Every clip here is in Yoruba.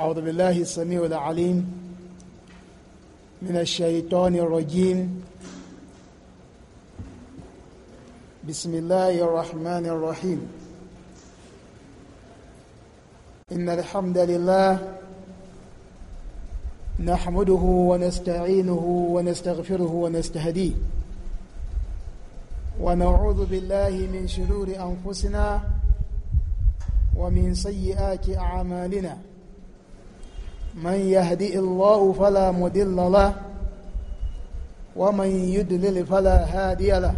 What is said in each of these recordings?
أعوذ بالله السميع العليم من الشيطان الرجيم بسم الله الرحمن الرحيم إن الحمد لله نحمده ونستعينه ونستغفره ونستهديه ونعوذ بالله من شرور أنفسنا ومن سيئات أعمالنا من يهدئ الله فلا مدل له ومن يدلل فلا هادي له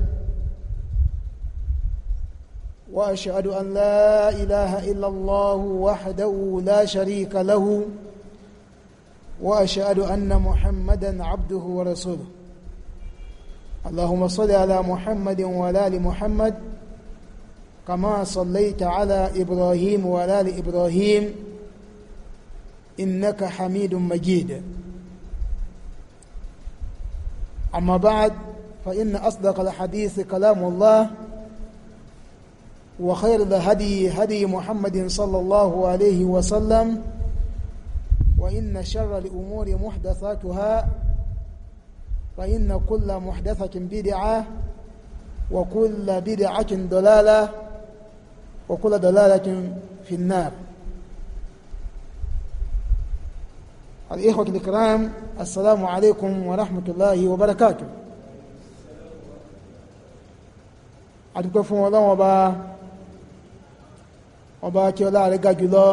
واشهد ان لا اله الا الله وحده لا شريك له واشهد ان محمدا عبده ورسوله اللهم صل على محمد وعلى ال محمد كما صليت على ابراهيم وعلى ال ابراهيم إنك حميد مجيد أما بعد فإن أصدق الحديث كلام الله وخير الهدي هدي محمد صلى الله عليه وسلم وإن شر الأمور محدثاتها فإن كل محدثة بدعة وكل بدعة دلالة وكل دلالة في النار الإخوة الكرام السلام عليكم ورحمة الله وبركاته àdúgbò fún ọlọ́run ọba ọba tí ọlá rẹ̀ ga jùlọ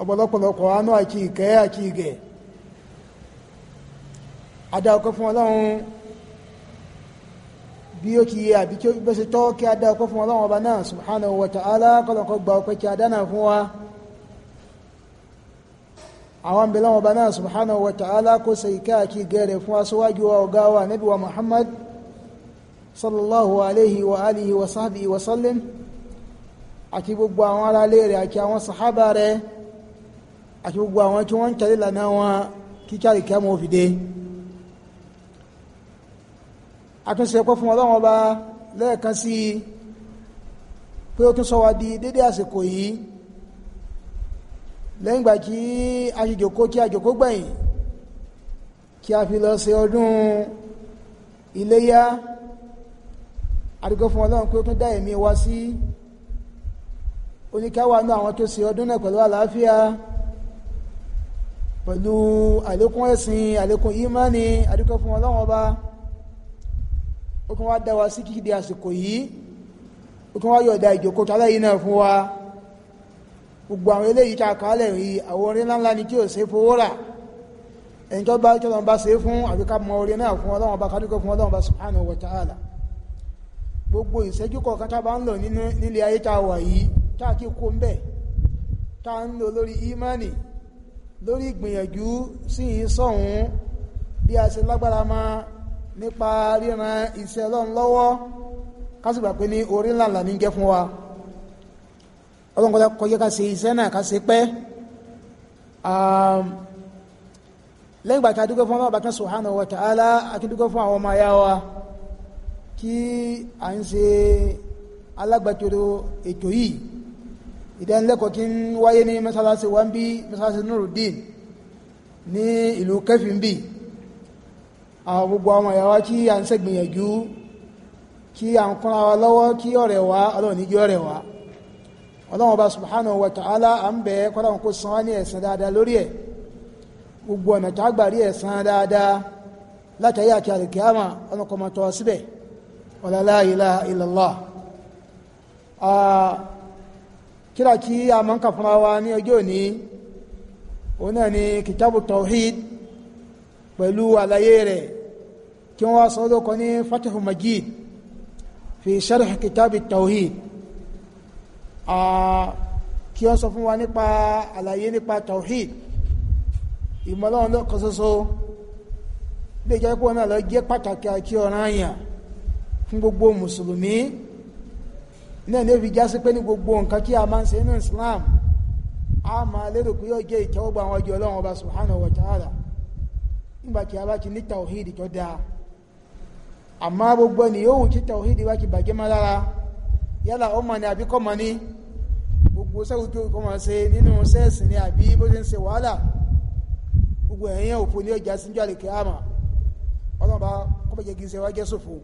ọ̀pọ̀lọpọ̀lọpọ̀ àánú àti ìkẹ́ àti ìgẹ̀ adáọkọ́ fún ọlọ́run bí ó ti yẹ àbí tí ó bẹ́sẹ̀ tọ́ kí adáọkọ́ fún ọlọ́run ọba náà subhanahu wa ta'ala gba ọpẹ́ kí adánà fún wa àwọn abẹ́lẹ́ wọn bá náà subhanahu wa ta'ala kó ṣe ìkẹ́ àti gẹ̀rẹ̀ fún aṣíwájú wa ọ̀gá wa nabi wa muhammad sallallahu alayhi wa alihi wa sahbihi wa sallim àti gbogbo àwọn ará ilé rẹ̀ àti àwọn sàhábà rẹ̀ àti gbogbo àwọn tí wọ́n ń tẹ̀lé lànà wọn kíkàrí kẹ́mọ́ òfìdé àtúnṣe ẹ̀kọ́ fún ọlọ́wọ́n bá lẹ́ẹ̀kan sí pé ó tún sọ wa di dédé àsìkò yìí lẹ́yìn ìgbà tí a ṣe jòkó tí a jòkó gbẹ̀yìn kí a fi lọ ṣe ọdún iléyá àdúgbò fún ọlọ́run pé ó tún dá ẹ̀mí wa sí oníkáwà náà àwọn tó ṣe ọdún náà pẹ̀lú àlàáfíà pẹ̀lú àlékún ẹ̀sìn àlékún ìmánì àdúgbò fún ọlọ́run ọba ó kún wá dá wa sí kíkìdí àsìkò yìí ó kún wá yọ̀ọ̀dá ìjòkó tálẹ́yìn náà fún wa gbogbo àwọn eléyìí tá a kà á lẹ̀ rí àwọn orin ńláńlá ni tí ò ṣe fowó rà ẹni tó bá tí ọlọ́run bá ṣe fún àbí ká mọ orin náà fún ọlọ́run bá kádúkọ fún ọlọ́run bá subhanahu wa ta'ala gbogbo ìṣẹ́jú kọ̀ọ̀kan tá a bá ń lò nílé ayé tá a wà yìí tá a ti kó ń bẹ̀ tá a ń lò lórí ìmánì lórí ìgbìyànjú sí ìsọ̀hún bí a ṣe lágbára máa nípa ríran iṣẹ́ ọlọ́run lọ́wọ́ kásìgbà pé ní orin ńláńlá ní jẹ́ fún wa ọlọ́nkọ́dá kọjá ká ṣe iṣẹ́ náà ká ṣe pẹ́ lẹ́yìn ìgbà tí a dúpẹ́ fún ọlọ́ọ̀bá kan subhanahu wa ta'ala a ti dúpẹ́ fún àwọn ọmọ ayá wa kí a ń ṣe alágbàtòrò ètò yìí ìdánilẹ́kọ̀ọ́ kí ń wáyé ní mẹ́sàlásí wọ́n bí mẹ́sàlásí Nuruddin ní ìlú kẹfìn bí àwọn gbogbo àwọn ayá wa kí a ń ṣègbìyànjú kí a ń kúnra wa lọ́wọ́ kí ọ̀rẹ́ wa ọlọ́ọ̀níjọ́ ọ̀rẹ́ wa ọlọ́run bá subhanahu wa ta'ala à ń bẹ̀ẹ́ kọ́láwọn kó san wá ní ẹ̀san dáadáa lórí ẹ̀ gbogbo ọ̀nà tá a gbà rí ẹ̀san dáadáa látàrí àti àlìkíyàmà ọlọ́kọ̀ọ́mọ tọ́ síbẹ̀ la ilaha illallah kíra kí a mọ́ ń kà fúnra wa ní ọjọ́ òní òun náà ni kìtàbù tawhid pẹ̀lú àlàyé rẹ̀ kí wọ́n sọ́dọ̀ kọ́ ní fatihu majid fi sharh kìtàbù tawhid kí wọ́n sọ fún wa nípa àlàyé nípa tawhid ìmọ̀lọ́wọ́n lọ́kọ̀ ṣoṣo lè jẹ́ pọ́ náà lọ jẹ́ pàtàkì àti ọ̀ràn àyàn fún gbogbo mùsùlùmí náà ní òfin jásí pé ní gbogbo nǹkan kí a máa ń ṣe nínú Islam a máa lérò pé yóò jẹ́ ìtẹ́wọ́gbà àwọn ọjọ́ Ọlọ́run ọba subhanahu wa ta'ala nígbà tí a bá ti ní tawhid tó dáa àmọ́ yálà ọmọ ni àbí kọ́mọ ni gbogbo sẹ́wọ́n tó kọ́mọ ṣe nínú sẹ́ẹ̀sì ni àbí bó ṣe ń ṣe wàhálà gbogbo ẹ̀yìn òfò ní ọjà síjú àlèkè àmà ọlọ́run bá kọ́mọ jẹ́ gíṣẹ́ wá jẹ́ sòfò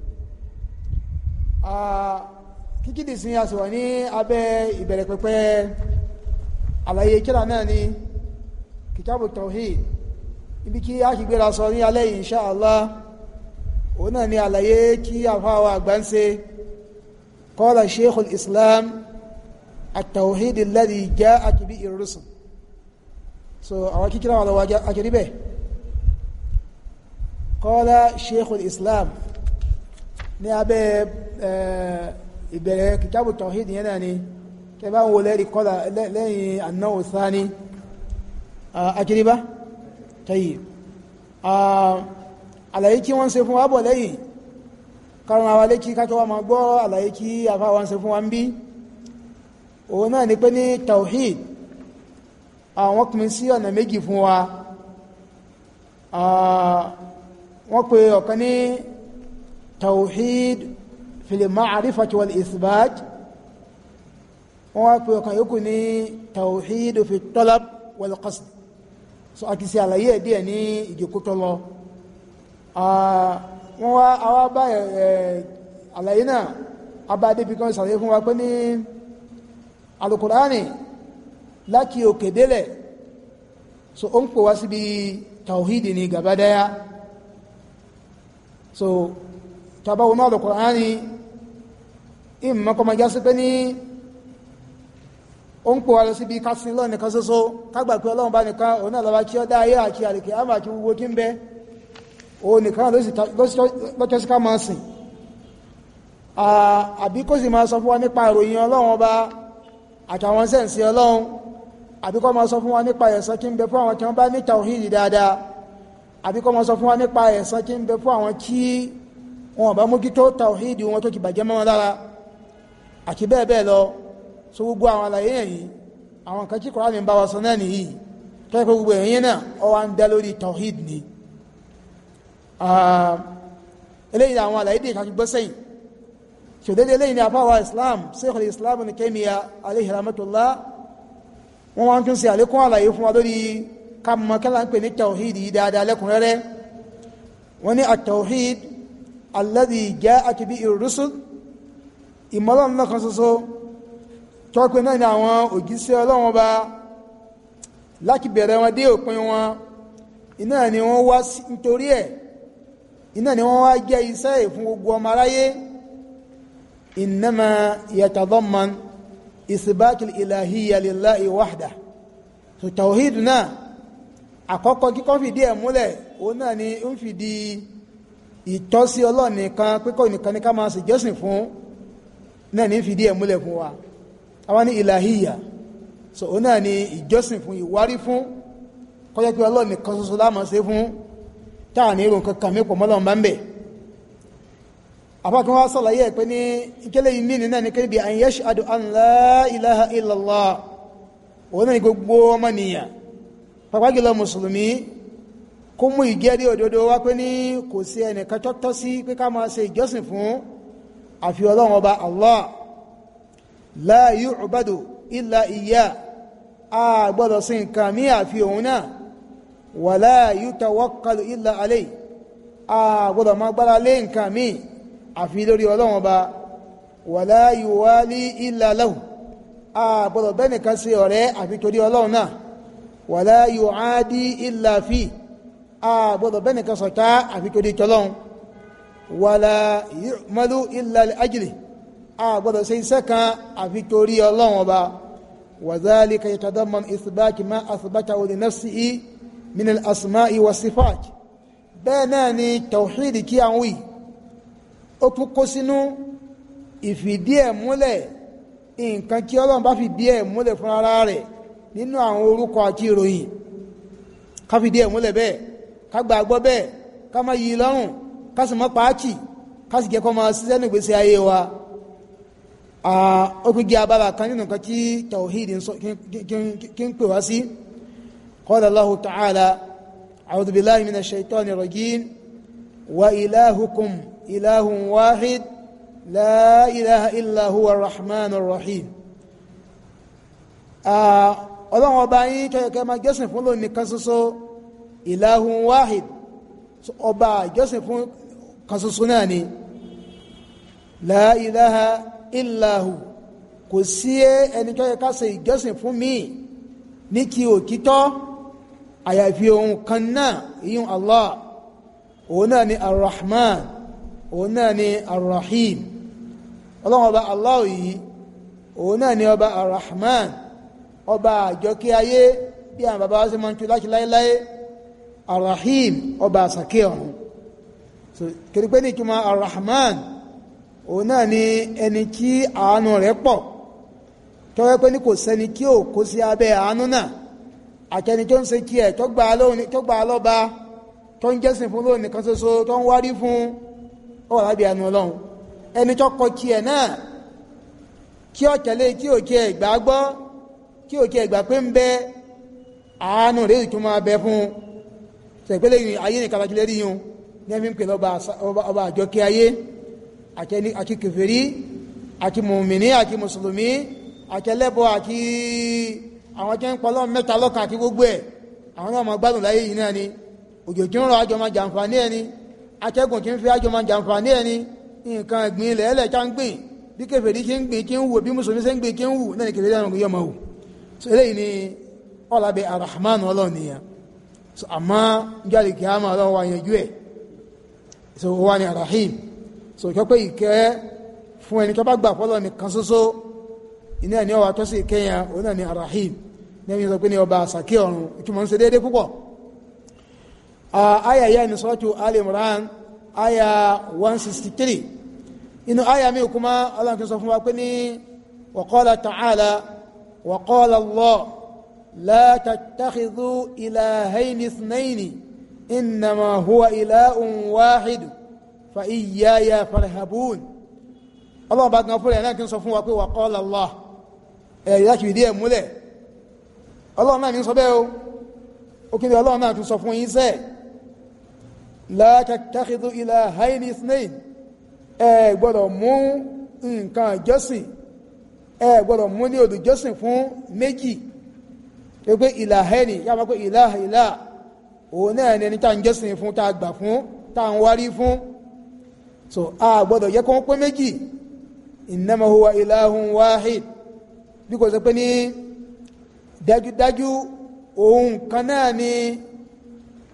kíkìdì sí a sì wà ní abẹ́ ìbẹ̀rẹ̀ pẹpẹ àlàyé kíra náà ni kìtàbù tawhid ibi kí a ṣì gbéra sọ ní alẹ́ insha Allah òun náà ni àlàyé kí àfáwà àgbà ń ṣe قال شيخ الإسلام التوحيد الذي جاءت به الرسل so àwọn kíkíra wà lọ àjẹ́rí bẹ́ẹ̀ قال شيخ الإسلام ní abẹ́ ìbẹ̀rẹ̀ kitabu tawhid yẹn náà ni tẹ́bá ń wo lẹ́rí kọ́lá lẹ́yìn annáwò sáni àjẹ́rí bá tẹ́yì àlàyé tí wọ́n ṣe fún wábọ̀ lẹ́yìn karùn àwọn alékí kátó wá máa gbọ́ àlàyé kí afáwa ń ṣe fún wa ń bí òun náà ni pé ní tawhid àwọn pín sí ọ̀nà méjì fún wa wọ́n pe ọ̀kan ní tawhid fil ma'rifati wal isbat wọ́n wá pe ọ̀kan yòókù ní tawhid fi talab wal qasd so àti sí àlàyé ẹ̀ díẹ̀ ní ìjòkótọ́ lọ wọ́n wá àwọn bá àlàyé náà abáde bí kan ṣàlàyé fún wa pé ní alukurani láti òkè délẹ̀ so ó ń pò wá síbi tawhidi ni gabadaya so tabawo náà alukurani ìmọ̀ kọmọ jásí pé ní ó ń pò wá lọ síbi kásìn lọ́nìkan ṣoṣo kágbà pé ọlọ́run bá nìkan òun náà lọ́wọ́ kí ọ dá ayé àti àlèkè àmà àti gbogbo kí ń bẹ́ẹ̀ òun nìkan lọ́jọ́ sí ká máa sìn àbí kó sì máa sọ fún wa nípa ìròyìn ọlọ́run ọba àtàwọn sẹ́ǹsì ọlọ́run àbí kó máa sọ fún wa nípa ẹ̀san kí ń bẹ fún àwọn tí wọ́n bá ní tàwíìdì dáadáa àbí kó máa sọ fún wa nípa ẹ̀san kí ń bẹ fún àwọn tí wọn bá mójútó tàwíìdì wọn tó ti bàjẹ́ mọ́ wọn lára àti bẹ́ẹ̀ bẹ́ẹ̀ lọ so gbogbo àwọn àlàyé yẹn yìí àwọn kan tí Kùránì ń bá wa sọ náà nìyí tó yẹ kó gbogbo ẹ̀yìn náà ó wá ń dá lórí tàwíìdì ni Ah, eléyìí àwọn àlàyé dè ká gbọ́ sẹ́yìn ṣòdédé eléyìí ni àfáwà islam Sheikhul islam ní Taymiyyah alayhi rahmatullah wọ́n wá ń tún ṣe àlékún àlàyé fún wa lórí ká mọ̀ kí láń pè ní tawhid yìí dáadáa lẹ́kùnrẹ́rẹ́ wọ́n ní at-tawhid alladhi ja'at bihi ar-rusul kan ṣoṣo tọ́pẹ́ náà ni àwọn òjíṣẹ́ ọlọ́run ọba láti bẹ̀rẹ̀ wọn dé òpin wọn iná ni wọ́n wá nítorí ẹ̀ iná ni wọ́n wá jẹ́ iṣẹ́ ìfún gbogbo ọmọ aráyé innama yatadamman isbatul ilahiyya lillahi wahda so tawhid náà àkọ́kọ́ kíkọ́ fìdí ẹ̀ múlẹ̀ òun náà ni ń fìdí ìtọ́sí Ọlọ́run nìkan pípọ̀ nìkan ní ká máa ṣèjọ́sìn fún náà ní fìdí ẹ̀ múlẹ̀ fún wa àwọn ní ìlàhíyà òun náà ni ìjọ́sìn fún ìwárí fún kó pé Ọlọ́run ṣoṣo la ṣe fún tá à ní irun kankan mẹ́pọ̀ mọ́lọ́run bá ń bẹ̀ àbákan wá sàlàyé pé ní ìkélé yìí ní nínú ẹnikẹ́ni bí an yashhadu an la ilaha illallah òun náà ni gbogbo ọmọnìyàn pàápàá jùlọ mùsùlùmí kó mú ìgẹ́rí òdodo wá pé ní kò sí ẹnìkan tọ́tọ́ sí pé ká máa ṣe ìjọsìn fún àfi ọlọ́run ọba allah la yu'badu illa iya a sí nǹkan mí àfi òun náà wàlá yutawakkalu illa alayhi a gbọ́dọ̀ máa gbára lé nǹkan míì àfi lórí ọlọ́run ọba wàlá yuwali illa lahu a gbọ́dọ̀ bẹ́nìkan ṣe ọ̀rẹ́ àfi torí ọlọ́run náà wàlá yuadi illa fi a gbọ́dọ̀ bẹ́nìkan ṣọ̀tá àfi torí tọlọ́run wàlá yu'malu illa li ajli a gbọ́dọ̀ ṣe iṣẹ́ kan àfi torí ọlọ́run ọba wàzálika yatadamman isbati ma asbatahu li nafsihi min al-asma'i was-sifat banani tawhid kiyawi okukosinu ifidie mule nkan ki olorun ba fidie mule fun ara re ninu awon oruko ati iroyin ka fidie mule be ka gbagbo be ka ma yi lorun ka si mo ka si je ko ma sise ni igbesi aye wa a okun ge abara kan ninu kan ki tawhid n si. قال الله تعالى أعوذ بالله من الشيطان الرجيم وإلهكم إله واحد لا إله إلا هو الرحمن الرحيم ọlọ́run ọba yín tó yẹ kẹ́ máa jọ́sìn fún lónìí kan ṣoṣo ìlàhùn wáhid ọba jọ́sìn fún kan ṣoṣo náà ni láìláha ìlàhù kò sí ẹni tó ká ṣe ìjọ́sìn fún míì ní kí òkítọ́ àyàfi ohun kan náà iyún Allah òun náà ni arrahman òun náà ni arrahim ọlọ́run ọba Allah yìí òun náà ni ọba arrahman ọba àjọkí ayé bí àwọn bàbá wa ṣe máa ń tu láti láéláé arrahim ọba àsàkè ọ̀run so kiri ní ìtumọ̀ arrahman òun náà ni ẹni tí àánú rẹ̀ pọ̀ tọ́wẹ́ pé ní kò sẹ́ni kí ò kó sí abẹ́ àánú náà àtẹni tó ń ṣe kí ẹ̀ tó gbà á lọ́ba tó ń jẹ́sìn fún lónìí kan ṣoṣo tó ń wárí fún ó wà lábẹ́ ẹnu ọlọ́run ẹni tó kọ kí ẹ̀ náà kí ó tẹ̀lé kí ó kí ẹ̀ gbà gbọ́ kí ó kí ẹ̀ gbà pé ń bẹ àánú rèé tó máa bẹ fún ṣèpélé ayé ní kàtàkìlẹ̀ rí yun ní ẹ̀mí pè lọ́ba ọba àjọkẹ́ ayé àti kèfèrí àti mùmìnì àti mùsùlùmí àti ẹlẹ́bọ àti. àwọn jẹ́ ń pọ̀ lọ́wọ́ mẹ́ta lọ́kàn àti gbogbo ẹ̀ àwọn náà máa gbádùn láyé yìí náà ni òjò tí ń rọ àjọ máa jàǹfààní ẹni atẹ́gùn tí ń fi àjọ máa jàǹfààní ẹni nǹkan ẹ̀gbìn ilẹ̀ ẹlẹ̀ tá ń gbìn bí kèfèrí tí ń gbìn kí ń wù bí mùsùlùmí ń gbìn kí ń wù náà ni kèfèrí àwọn yọmọ wù eléyìí ni àmọ́ iná ní ọwà tó sì kẹ́yà òun náà ní arahim ní ẹni sọ pé ní ọba àsàkí ọ̀run ìtumọ̀ ń ṣe déédé púpọ̀ aya yá ní sọ́tù alimran aya 163 inú aya mi kuma ọlọ́run sọ fún wa pé ní waqala ta'ala waqala Allah la tattakhidhu ilahayni ithnayni innama huwa ilahun wahid fa iyaya farhabun ọlọ́run bá gan fúnra náà kí n sọ fún wa pé waqala Allah ẹ̀rí eh, láti ìdí ẹ̀ múlẹ̀ ọlọ́run náà ní sọ bẹ́ẹ̀ o ó kéde ọlọ́run náà tún sọ fún yín sẹ́ẹ̀ la tattakhidhu ilahaini ithnain ẹ gbọ́dọ̀ mú nǹkan jọ́sìn ẹ gbọ́dọ̀ mú ní odò jọ́sìn fún méjì tó pé ilahaini yá máa pé ilaha so a gbọ́dọ̀ yẹ kó pé méjì innama huwa ilahun wahid bí kò sọ pé ní dájúdájú òun kan náà ni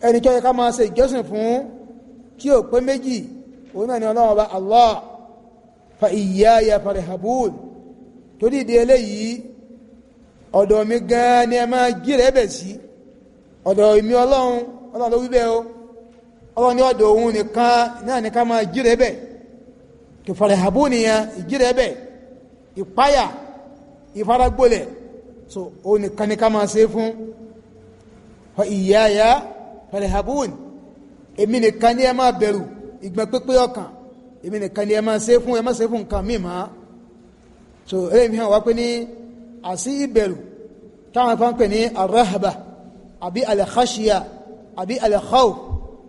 ẹni tó yẹ ká máa ṣe ìjọsìn fún tí ò pé méjì òun náà ni ọlọ́run ọba allah fa iyaya farhabun torí ìdí eléyìí ọ̀dọ̀ mi gan ni ẹ máa jí rẹ̀ bẹ̀ sí ọ̀dọ̀ mi ọlọ́run ọlọ́run ló wí bẹ́ẹ̀ o ọlọ́run ní ọ̀dọ̀ òun nìkan náà nìkan máa jí rẹ̀ bẹ̀ kò farhabun nìyẹn ìjí rẹ̀ bẹ̀ ìpáyà ìfaragbólẹ̀ so ó nìkan ní ká máa ṣe fún fa ìyáyá fẹ̀rẹ̀hàbùn èmi nìkan ní ẹ máa bẹ̀rù ìgbọ̀n pípé ọkàn èmi nìkan ní ẹ máa ṣe fún ẹ máa ṣe fún nǹkan míì máa so eléyìí hàn wá pé ní àsí ìbẹ̀rù táwọn kan pè ní arahaba àbí alẹ́kàṣíà àbí alẹ́kàó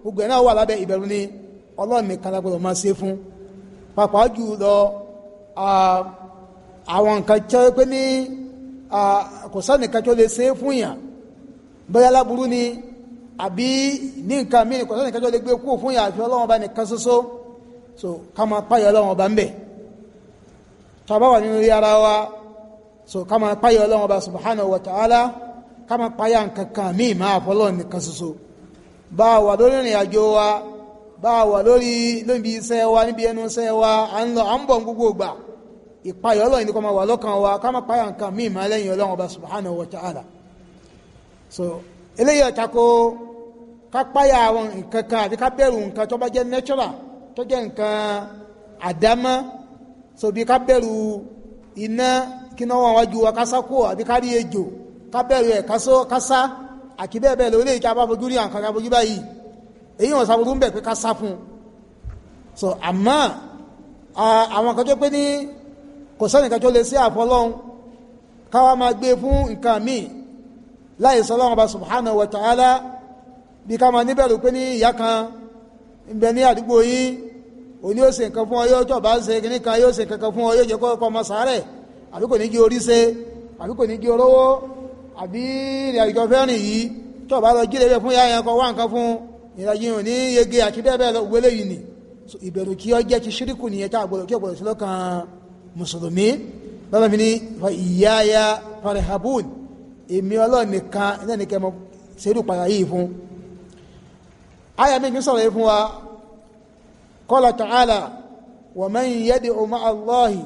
gbogbo ẹ̀ náà wà lábẹ́ ìbẹ̀rù ni ọlọ́run nìkan lágbọ́dọ̀ máa ṣe fún pàápàá jù lọ àwọn nǹkan tí wọ́n pé ní kò sánìkan tí ó ṣe é fún yàn bóyá láburú ni àbí ní nǹkan míì kò sánìkan tí ó lè gbé kú fún yàn àfi Ọlọ́run bá nìkan ṣoṣo so ká máa páyọ Ọlọ́run bá ń bẹ̀ tó a bá wà nínú rí ara wa so ká máa páyọ Ọlọ́run bá subhanahu wa ta'ala ká máa páyà nǹkan kan míì máa fọlọ́ nìkan ṣoṣo bá a wà lórí ìrìn àjò wa bá a wà lórí níbi iṣẹ́ wa níbi ẹnu iṣẹ́ wa à ń lọ à ń bọ̀ gbogbo ìgbà ìpayọ̀ ọlọ́run ní kó máa wà lọ́kàn wa ká má páyà nǹkan míì máa lẹ́yìn ọlọ́run ọba subhanahu wa ta'ala so eléyìí ọ̀tá kó ká páyà àwọn nǹkan kan àbí ká bẹ̀rù nǹkan tó bá jẹ́ natural tó jẹ́ nǹkan àdámọ́ so bí ká bẹ̀rù iná kí náà wọ́n wájú wa ká sá kó àbí ká rí ejò ká bẹ̀rù ẹ̀ ká sá àti bẹ́ẹ̀ bẹ́ẹ̀ lọ eléyìí ká bá fojú rí àǹkan ká fojú báyìí èyí wọn sábà tó ń bẹ̀ pé ká sá fún un so àmọ́ àwọn kan tó pé ní kò sẹ́nìkan tó lè sí àfọlọ́hún káwa máa gbé e fún nǹkan míì láì sọ lọ́wọ́n ọba subhanahu wa ta'ala bí ká máa níbẹ̀rù pé ní ìyá kan ń bẹ ní àdúgbò yín òní yóò ṣe nǹkan fún ọ yóò tó bá ń ṣe kíní kan yóò ṣe kankan fún ọ yóò jẹ kó ọkọ ọmọ sàárẹ̀ àbí kò ní gé orí ṣe àbí kò ní gé olówó àbí ìrìn àjọ fẹ́rìn yìí tó bá lọ jílẹ̀ bẹ́ẹ̀ fún yá yẹn kọ wá nǹkan fún ìrìnàjò yìí yege àti bẹ́ẹ̀ bẹ́ẹ̀ wọlé yìí ni ìbẹ̀rù kí ọ jẹ́ ti ṣíríkù nìyẹn tá àgbọ̀dọ̀ kí ọ̀gbọ̀dọ̀ sí lọ́kàn mùsùlùmí lọ́nà mi ní ìyáyá farhabun èmi ọlọ́run nìkan iná ní kẹmọ ṣerú padà yìí fún aya mi kì í sọ̀rọ̀ yìí fún wa qala ta'ala wa man yad'u ma'a Allahi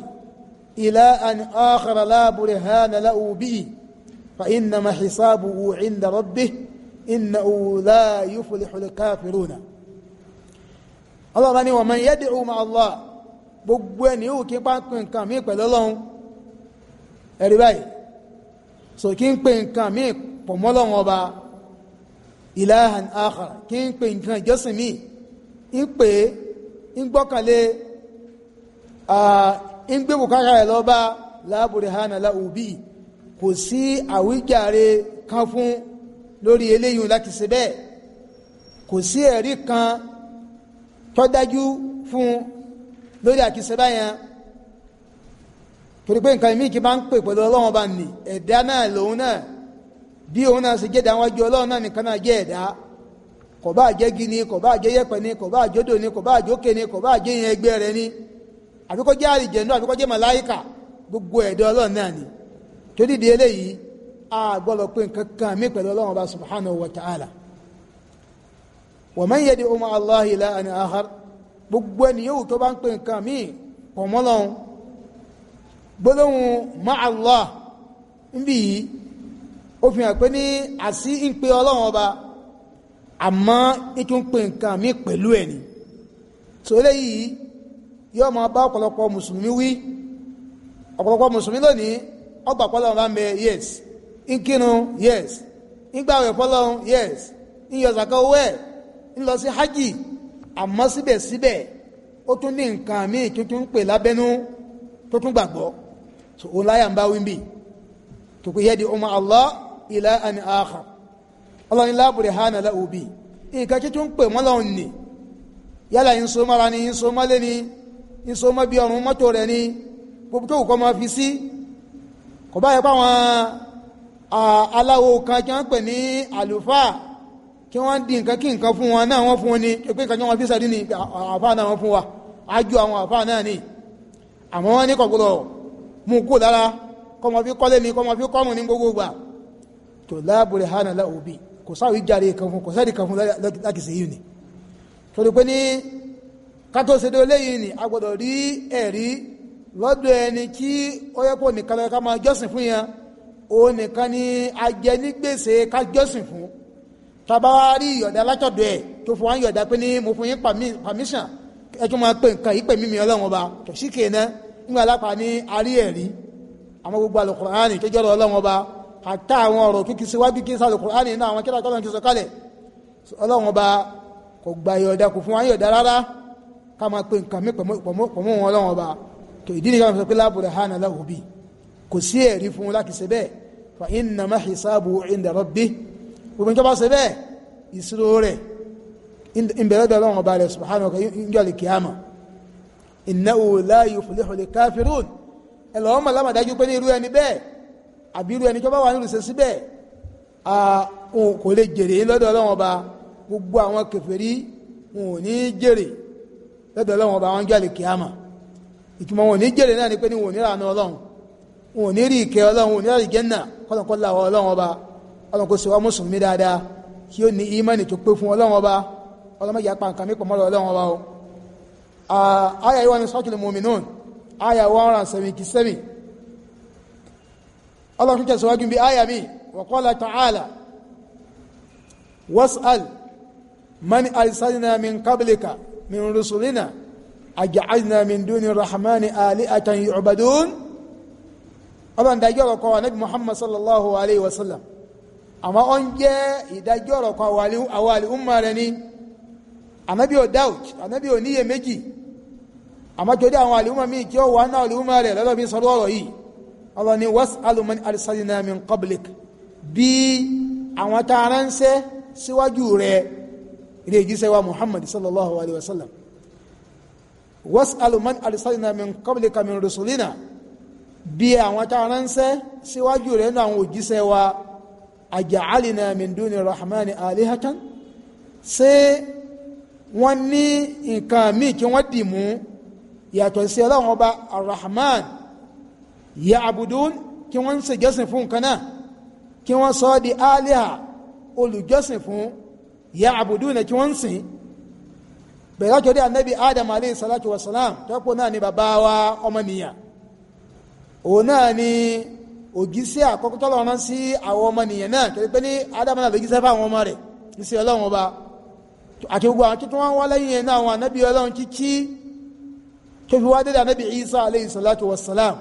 ilahan akhara la burhana lahu bihi fa innama hisabuhu 'inda rabbih innahu la yuflihul kafiruna Allah bá ní wa man yad'u ma'a Allahi gbogbo ẹni yóò kí n pa pin nǹkan míì pẹ̀lú ọlọ́run ẹ̀rí báyìí so kí n pe nǹkan míì pọ̀ mọ́ ọlọ́run ọba ilahan akhar kí n pe nǹkan ìjọsìn míì ń pè é ń gbọ́kànlé ń gbé bùkátà rẹ̀ lọ́ba láàbùrẹ̀ hànà láòbí kò sí àwíjàre kan fún lórí eléyìí láti ṣe bẹ́ẹ̀ kò sí ẹ̀rí kan tọ́dájú fún lórí àkísẹ́ báyẹn torí pé nǹkan ìmí kí máa ń pè pẹ̀lú ọlọ́run bá nì ẹ̀dá náà lòun náà bí òun náà ṣe jẹ́dá wájú ọlọ́run náà nìkan náà jẹ́ ẹ̀dá kò bá jẹ́ gi ni kò bá jẹ́ yẹ̀pẹ̀ ni kò bá jódò ni kò bá jókè ni kò bá jẹ́ yẹn ẹgbẹ́ rẹ ni àbí kó jẹ́ àlìjẹ̀ndú àbí kó jẹ́ màláìkà gbogbo ẹ̀dá ọlọ́run náà ni torí di eléyìí a gbọ́dọ̀ pé nǹkan kan mí gbogbo ènìyàn tó bá ń pè nǹkan míì pọ̀ mọ́ Ọlọ́hun gbólóhùn ma Allah níbí yìí ó fi hàn pé ní àsí ń pe Ọlọ́hun ọba àmọ́ ètò ń pè nǹkan míì pẹ̀lú ẹ̀ ni so eléyìí yóò máa bá ọ̀pọ̀lọpọ̀ mùsùlùmí wí ọ̀pọ̀lọpọ̀ mùsùlùmí lónìí ọgbà pọ́lọ́run bá mẹ yes ń kírun yes ń gbàwẹ̀ pọ́lọ́run yes ń yọ zàkà owó ẹ̀ ń lọ sí hajj àmọ́ síbẹ̀síbẹ̀ ó tún ní nǹkan míì tó tún ń pè lábẹ́nú tó tún gbàgbọ́ so òun láyà ń bá wí bì tó kò yẹ di ọmọ Allah ila an akhar Allah ní la burhana lahu bi nǹkan tó tún pè wọ́n lọ́hùn ni yálà ń so mọ́ra ni ń so mọ́lé ni ń so mọ́ bí ọrùn mọ́tò rẹ̀ ni gbogbo tó kọ́ máa fi sí kò báyìí pa aláwo kan tí wọ́n pè ní àlùfáà kí wọ́n di nǹkan kí nǹkan fún wọn náà wọ́n fún wọn ni pé nǹkan tí wọ́n fi sàdí ni àfáà náà wọ́n fún wa ájú àwọn àfáà náà ni àmọ́ wọ́n ní kọ̀gbọ́dọ̀ mú kó lára kọmọ fi kọ́lé ni kọmọ fi kọ́mù ní gbogbo gbà tó láàbùrẹ̀ hàn náà òbí kò sáwì jáde kan fún kò sẹ́ẹ̀dì kan fún láti ṣe yìí ni torí pé ní kátó ṣe délé yìí ni a gbọ́dọ̀ rí ẹ̀rí lọ́dọ̀ ẹni kí ó yẹ kó nìkan lọ́yẹ máa jọ́sìn fún yẹn òun nìkan ni ajẹ́ nígbèsè ká jọ́sìn fún tàbá wá rí ìyọ̀dá látọ̀dọ̀ ẹ̀ tó fún wa ń yọ̀dá pé ní mo fún yín pàmíṣàn ẹ tún máa pè nǹkan yìí pè mímí ọlọ́run ọba kò sí kéèna nígbà lápá ní arí ẹ̀rí àwọn gbogbo alukur'ani tó jọrọ ọlọ́run ọba àtà àwọn ọ̀rọ̀ tó kì í síwájú kí n sá alukur'ani náà àwọn kíláà tọ́lọ́run ti sọ kalẹ̀ ọlọ́run ọba kò gba ìyọ̀dá kò fún wa ń yọ̀dá rárá ká máa pè nǹkan mí pẹ̀mú wọn ọlọ́run ọba gbogbo ìjọba ṣe bẹ́ẹ̀ ìṣirò rẹ̀ ìbẹ̀rẹ̀dọ̀ ọlọ́run ọba rẹ̀ subhanahu wa ta'ala kiyama innahu la yuflihu al-kafirun ẹ̀lọ́ ọmọ lámàdájú pé ní irú ẹni bẹ́ẹ̀ àbí irú ẹni tó bá wà nílùú ṣe síbẹ̀ kò lè jèrè lọ́dọ̀ ọlọ́run ọba gbogbo àwọn kèfèrí wọn ò ní jèrè lọ́dọ̀ ọlọ́run ọba wọn jọ́lẹ̀ kiyama ìtumọ̀ wọn ò ní jèrè náà ni pé ní wọn ò ní ràánú ọlọ́run wọn ò ní rí ìkẹ́ ọlọ́run wọn ò ní rí ìjẹ́nà kọ́lọ̀kọ́lá ọlọ́run ọlọ́run kò ṣe wá mùsùlùmí dáadáa kí ó ní ìmánì tó pé fún ọlọ́run ọba ọlọ́run mẹ́jọ apá nǹkan mípọ̀ mọ́rọ̀ ọlọ́run ọba o aya yìí wà ní sọ́kìlì mu'minun aya one hundred and seventy ọlọ́run tún tẹ̀síwájú bí aya mi wa qala ta'ala was'al man arsalna min qablika min rusulina aj'alna min duni rahmani alihatan yu'badun ọlọ́run dájọ́ ọ̀rọ̀ kọ́ wa nabi muhammad sallallahu alayhi wa sallam àmọ́ ó ń jẹ́ ìdájọ́ ọ̀rọ̀ kan àwọn àlìhùnmá rẹ ni ànábì ò doubt ànábì ò níyè méjì àmọ́ torí àwọn àlìhùnmá míì tí ó wà náà àlìhùnmá rẹ lọ́dọ̀ bí sọ̀rọ̀ ọ̀rọ̀ yìí Allah ni was'alu man arsalna min qablik bí àwọn tá a ránṣẹ́ síwájú rẹ ilé ìjíṣẹ́ wa Muhammad sallallahu alayhi wa sallam was'alu man arsalna min qablika min rusulina bí àwọn tá a ránṣẹ́ síwájú rẹ nínú àwọn òjíṣẹ́ wa àjàálìnà mìndúni rahmani alihatan ṣé wọ́n ní nǹkan míì kí wọ́n dì mú yàtọ̀ sí ọlọ́run ọba arahman ya abudun kí wọ́n ń ṣe jọ́sìn fún nǹkan náà kí wọ́n sọ di aliha olùjọ́sìn fún ya abudun kí wọ́n ń sìn bẹ̀rẹ̀ ọjọ́ dé anabi adam aleyhi salatu wa salam tọ́pọ̀ náà ni bàbá ọmọ nìyà òun náà ni ògísẹ́ àkọ́kọ́ tọ́lọ̀ rán sí àwọn ọmọ nìyẹn náà torí pé ní adámọ́nà lè gísẹ́ fáwọn ọmọ rẹ̀ gísẹ́ ọlọ́run ọba àti gbogbo àwọn tuntun wọn wá lẹ́yìn yẹn náà àwọn anábì ọlọ́run kíkí tó fi wá dédé anábì Isa aleyhi salatu wa salam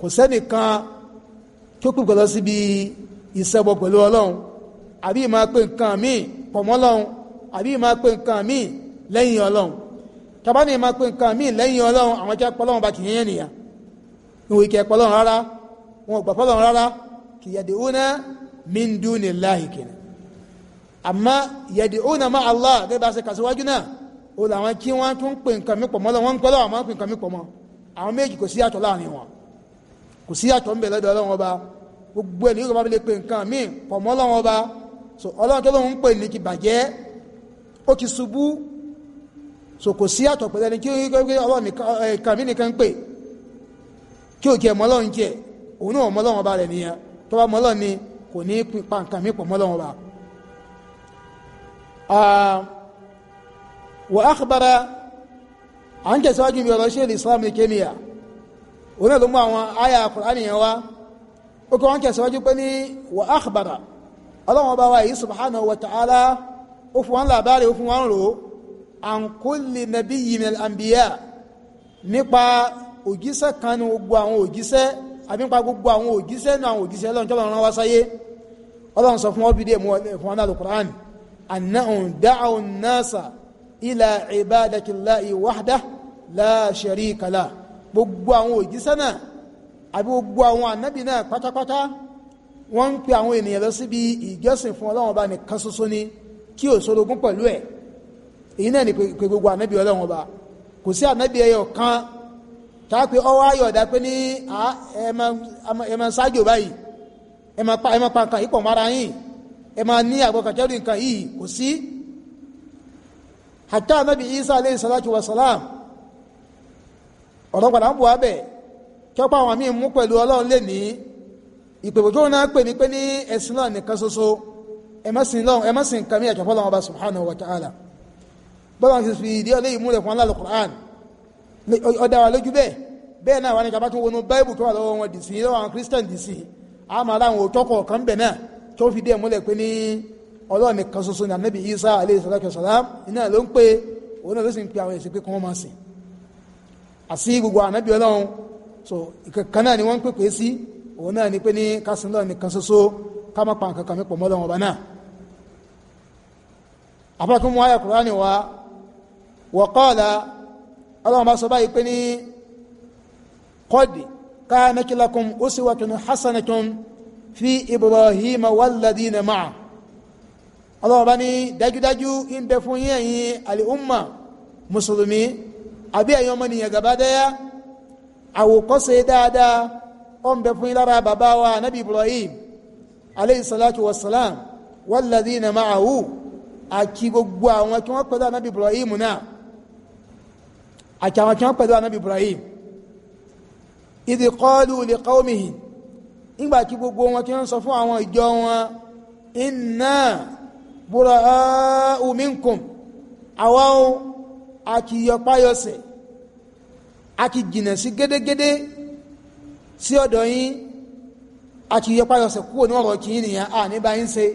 kò sẹ́nìkan tó pè pẹ̀lú síbi ìṣẹ́bọ pẹ̀lú ọlọ́run àbí máa pè nǹkan míì pọ̀mọ́ ọlọ́run àbí máa pè nǹkan míì lẹ́yìn ọlọ́run tàbá ní máa pè nǹkan míì lẹ́yìn ọlọ́run àwọn tí a bá kì í yẹn nìyà ìwé ìkẹ́ pọ̀ rárá wọn ò gbà fọlọ́n rárá kì yad'una min dunillahi kìnnà àmọ́ yad'una ma Allah gẹ́gẹ́ bá ṣe kàṣíwájú náà ó làwọn kí wọ́n tún pè nǹkan mi pọ̀ mọ́ lọ́wọ́ ń pẹ́ lọ́wọ́ àwọn pè nǹkan mi pọ̀ mọ́ àwọn méjì kò sí àtọ̀ láàrin wọn kò sí àtọ̀ ń bẹ lọ́dọ̀ ọlọ́wọ́n ọba gbogbo ẹni yóò bá lè pè nǹkan mi pọ̀ mọ́ lọ́wọ́n ọba so ọlọ́run tó lóun ń pè ní ti bàjẹ́ ó ti ṣubú so kò sí àtọ̀ pẹ̀lú ẹni kí ọlọ́run kàmí nìkan eh, pè kí òkè ẹ̀mọ́ ọlọ́run jẹ́ òun náà mọ́lọ́wọ́n ba rẹ̀ nìyẹn tó bá mọ́lọ́ ni kò ní pa nǹkan mi pọ̀ mọ́lọ́wọ́n ba. wà á kábàrà à ń tẹ̀síwájú mi ọ̀rọ̀ ṣe Islam ní kémíà òun náà ló mú àwọn àyà Kùránì yẹn wá ó kọ́ wọ́n tẹ̀síwájú pé ní wà á kábàrà ọlọ́wọ́n bá wa yìí subhanahu wa ta'ala ó fún wọn làbárè ó fún wọn rò an kulli nabiyyin nípa òjíṣẹ́ kan ní gbogbo àwọn òjíṣẹ́ àbí nípa gbogbo àwọn òjíṣẹ́ náà àwọn òjíṣẹ́ lọ́n tọ́lọ́run rán wá sáyé ọlọ́run sọ fún ọ́bídé mú fún wọn láàrùn Qur'an annahum da'u nasa ila ibadati llahi wahda la sharika lah gbogbo àwọn òjíṣẹ́ náà àbí gbogbo àwọn ànábì náà pátápátá wọ́n ń pe àwọn ènìyàn lọ síbi ìjọsìn fún ọlọ́run ọba nìkan ṣoṣo ni kí òṣòrogún pẹ̀lú ẹ̀ èyí náà ni pé gbogbo ànábì ọlọ́run ọba kò sí ànábì ẹyọ kan tàbí ọwọ́ ayọ̀ ọ̀dá pé ní ẹmọ ṣáájú báyìí ẹmọ pa nǹkan yìí pọ̀ mara yìí ẹmọ ní àgbọ̀kàtẹ́rù nǹkan yìí kò sí hatta nabi isa alayhi salatu wa salam ọ̀rọ̀ padà ń bọ̀ abẹ́ kẹ́pọ̀ àwọn míì mú pẹ̀lú ọlọ́run lè ní ìpèbòjò náà pè ní pé ní ẹ̀sìn náà nìkan ṣoṣo ẹmọ́sìn lọ́run ẹmọ́sìn kàmí ẹ̀kẹ́fọ́ lọ́wọ́ bá subhanahu wa ta'ala bọ́lá ti fi ìdí ọlẹ́yìn múlẹ̀ fún aláàlùkùrán ó dá wa lójú bẹ́ẹ̀ bẹ́ẹ̀ náà wà ní kaba tó wọnú báìbù tó wà lọ́wọ́ wọn dìsí lọ́wọ́ àwọn christian dìsí àmọ́ aláwọn òtọ́kọ̀ kan bẹ̀ náà tó fi dé múlẹ̀ pé ní ọlọ́run nìkan ní anabi isa aleyhi salatu wasalam iná ló ń pè òun náà ló sì ń pe àwọn èsì pé kí wọ́n máa sìn àti gbogbo anabi ọlọ́run so ìkankan náà ni ń ni pé ní nìkan ká má pa mi wa ọlọ́run bá sọ báyìí pé ní kọ́dì káàmẹ́kìlákùn ó sì wà tún hasanatun fi ibrahim walladina ma'a ọlọ́run bá ní dájúdájú ń bẹ fún yín ẹ̀yin alìhùnmà mùsùlùmí àbí ẹ̀yin ọmọnìyàn gaba dẹ́yà àwòkọ́ṣe dáadáa ó ń bẹ fún yín lára bàbá wa nabi ibrahim aleyhi salatu wasalam walladina ma'ahu àti gbogbo àwọn tí wọ́n pẹ̀lú anabi ibrahim náà àtàwọn tí wọ́n pẹ̀lú anábì Ibrahim idh qalu li qawmihi nígbà tí gbogbo wọn tí wọ́n sọ fún àwọn ìjọ wọn inna bura'u minkum àwọn àti yọpáyọsẹ̀ àti jìnà sí gédégédé sí ọ̀dọ̀ yín àti kúrò ní ọ̀rọ̀ kìí nìyàn à ní báyìí ń ṣe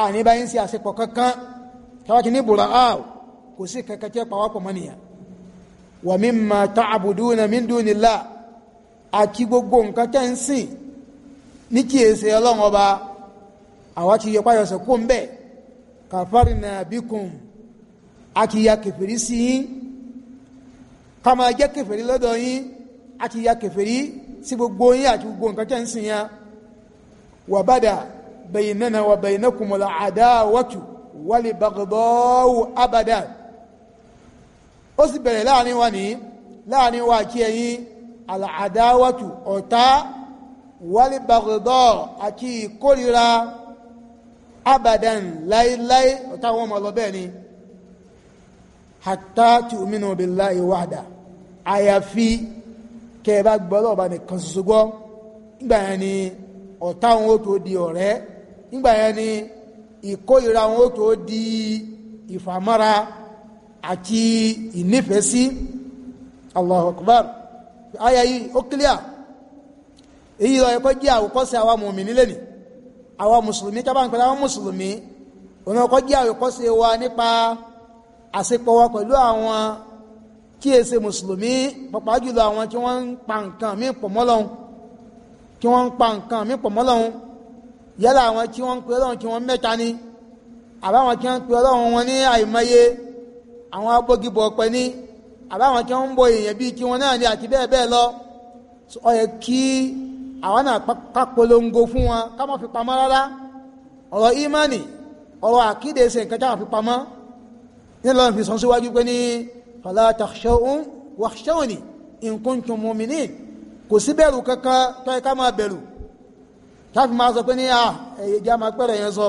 à ní báyìí ń ṣe àṣepọ̀ kankan tàwọn ti ní bura'u kò sí kankan tí ó pàwọ́pọ̀ mọ́ nìyàn wa mimma ta'buduna min dunillah àti gbogbo nǹkan tẹ́ ń sìn ní kí èsè ọlọ́run ọba àwa ti yẹ páyọsẹ̀ kó ń bẹ̀ kàfárìnà bikum a ti ya kẹfìrí sí yín ká máa jẹ́ kẹfìrí lọ́dọ̀ yín a ya kẹfìrí sí gbogbo yín àti gbogbo nǹkan tẹ́ ń sìn wa bada baynana wa baynakumul adawatu wal baghdau abada ó sì bẹ̀rẹ̀ láàrin wa ní láàrin wa kí ẹ̀yin àdáwàtù ọ̀tá wálébàgọ́dọ́ àti ìkórira abadan láíláí ọ̀tá wọn mọ̀ lọ bẹ́ẹ̀ ni hatta tu'minu billahi wahda àyàfi kẹ́ẹ̀bá gbọ́lọ́ọ̀bá nìkan ṣoṣo gbọ́ nígbà yẹn ni ọ̀tá wọn ó tó di ọ̀rẹ́ nígbà yẹn ni ìkórira wọn ó tó di ìfàmọ́ra àti ìnífẹ̀ẹ́ sí Allahu Akbar ayé yìí ó kílíà èyí lọ ẹ̀kọ́ jẹ́ àwòkọ́sí àwa mùmínì lẹ́nì àwa mùsùlùmí tábà ń pẹ̀lú àwọn mùsùlùmí òun ẹ̀kọ́ jẹ́ àwòkọ́sí wa nípa àṣepọ̀ wa pẹ̀lú àwọn kí è ṣe mùsùlùmí pàápàá jùlọ àwọn tí wọ́n ń pa nǹkan mí pọ̀ mọ́lọ́hun tí wọ́n ń pa nǹkan mí pọ̀ mọ́lọ́hun yálà àwọn tí wọ́n ń pe ọlọ́run tí wọ́n mẹ́ta ni àbáwọn tí wọ́n ń pe ọlọ́run wọn ní àìmọye àwọn abọ́gibọ̀ ọ̀pẹ ní àbáwọn kí wọ́n ń bọ èèyàn bíi kí wọ́n náà ní àti bẹ́ẹ̀ bẹ́ẹ̀ lọ ó yẹ kí àwọn náà ká polongo fún wọn ká má fi pamọ́ rárá ọ̀rọ̀ ìmánì ọ̀rọ̀ àkídè ṣe nǹkan táwọn fi pamọ́ nílọ́n fi sọ síwájú pé ní fala takhshawhum wakhshawni in kuntum mu'minin kò sí bẹ̀rù kankan tó yẹ ká máa bẹ̀rù káfí máa sọ pé ní ẹ̀yẹ jẹ́ máa yẹn sọ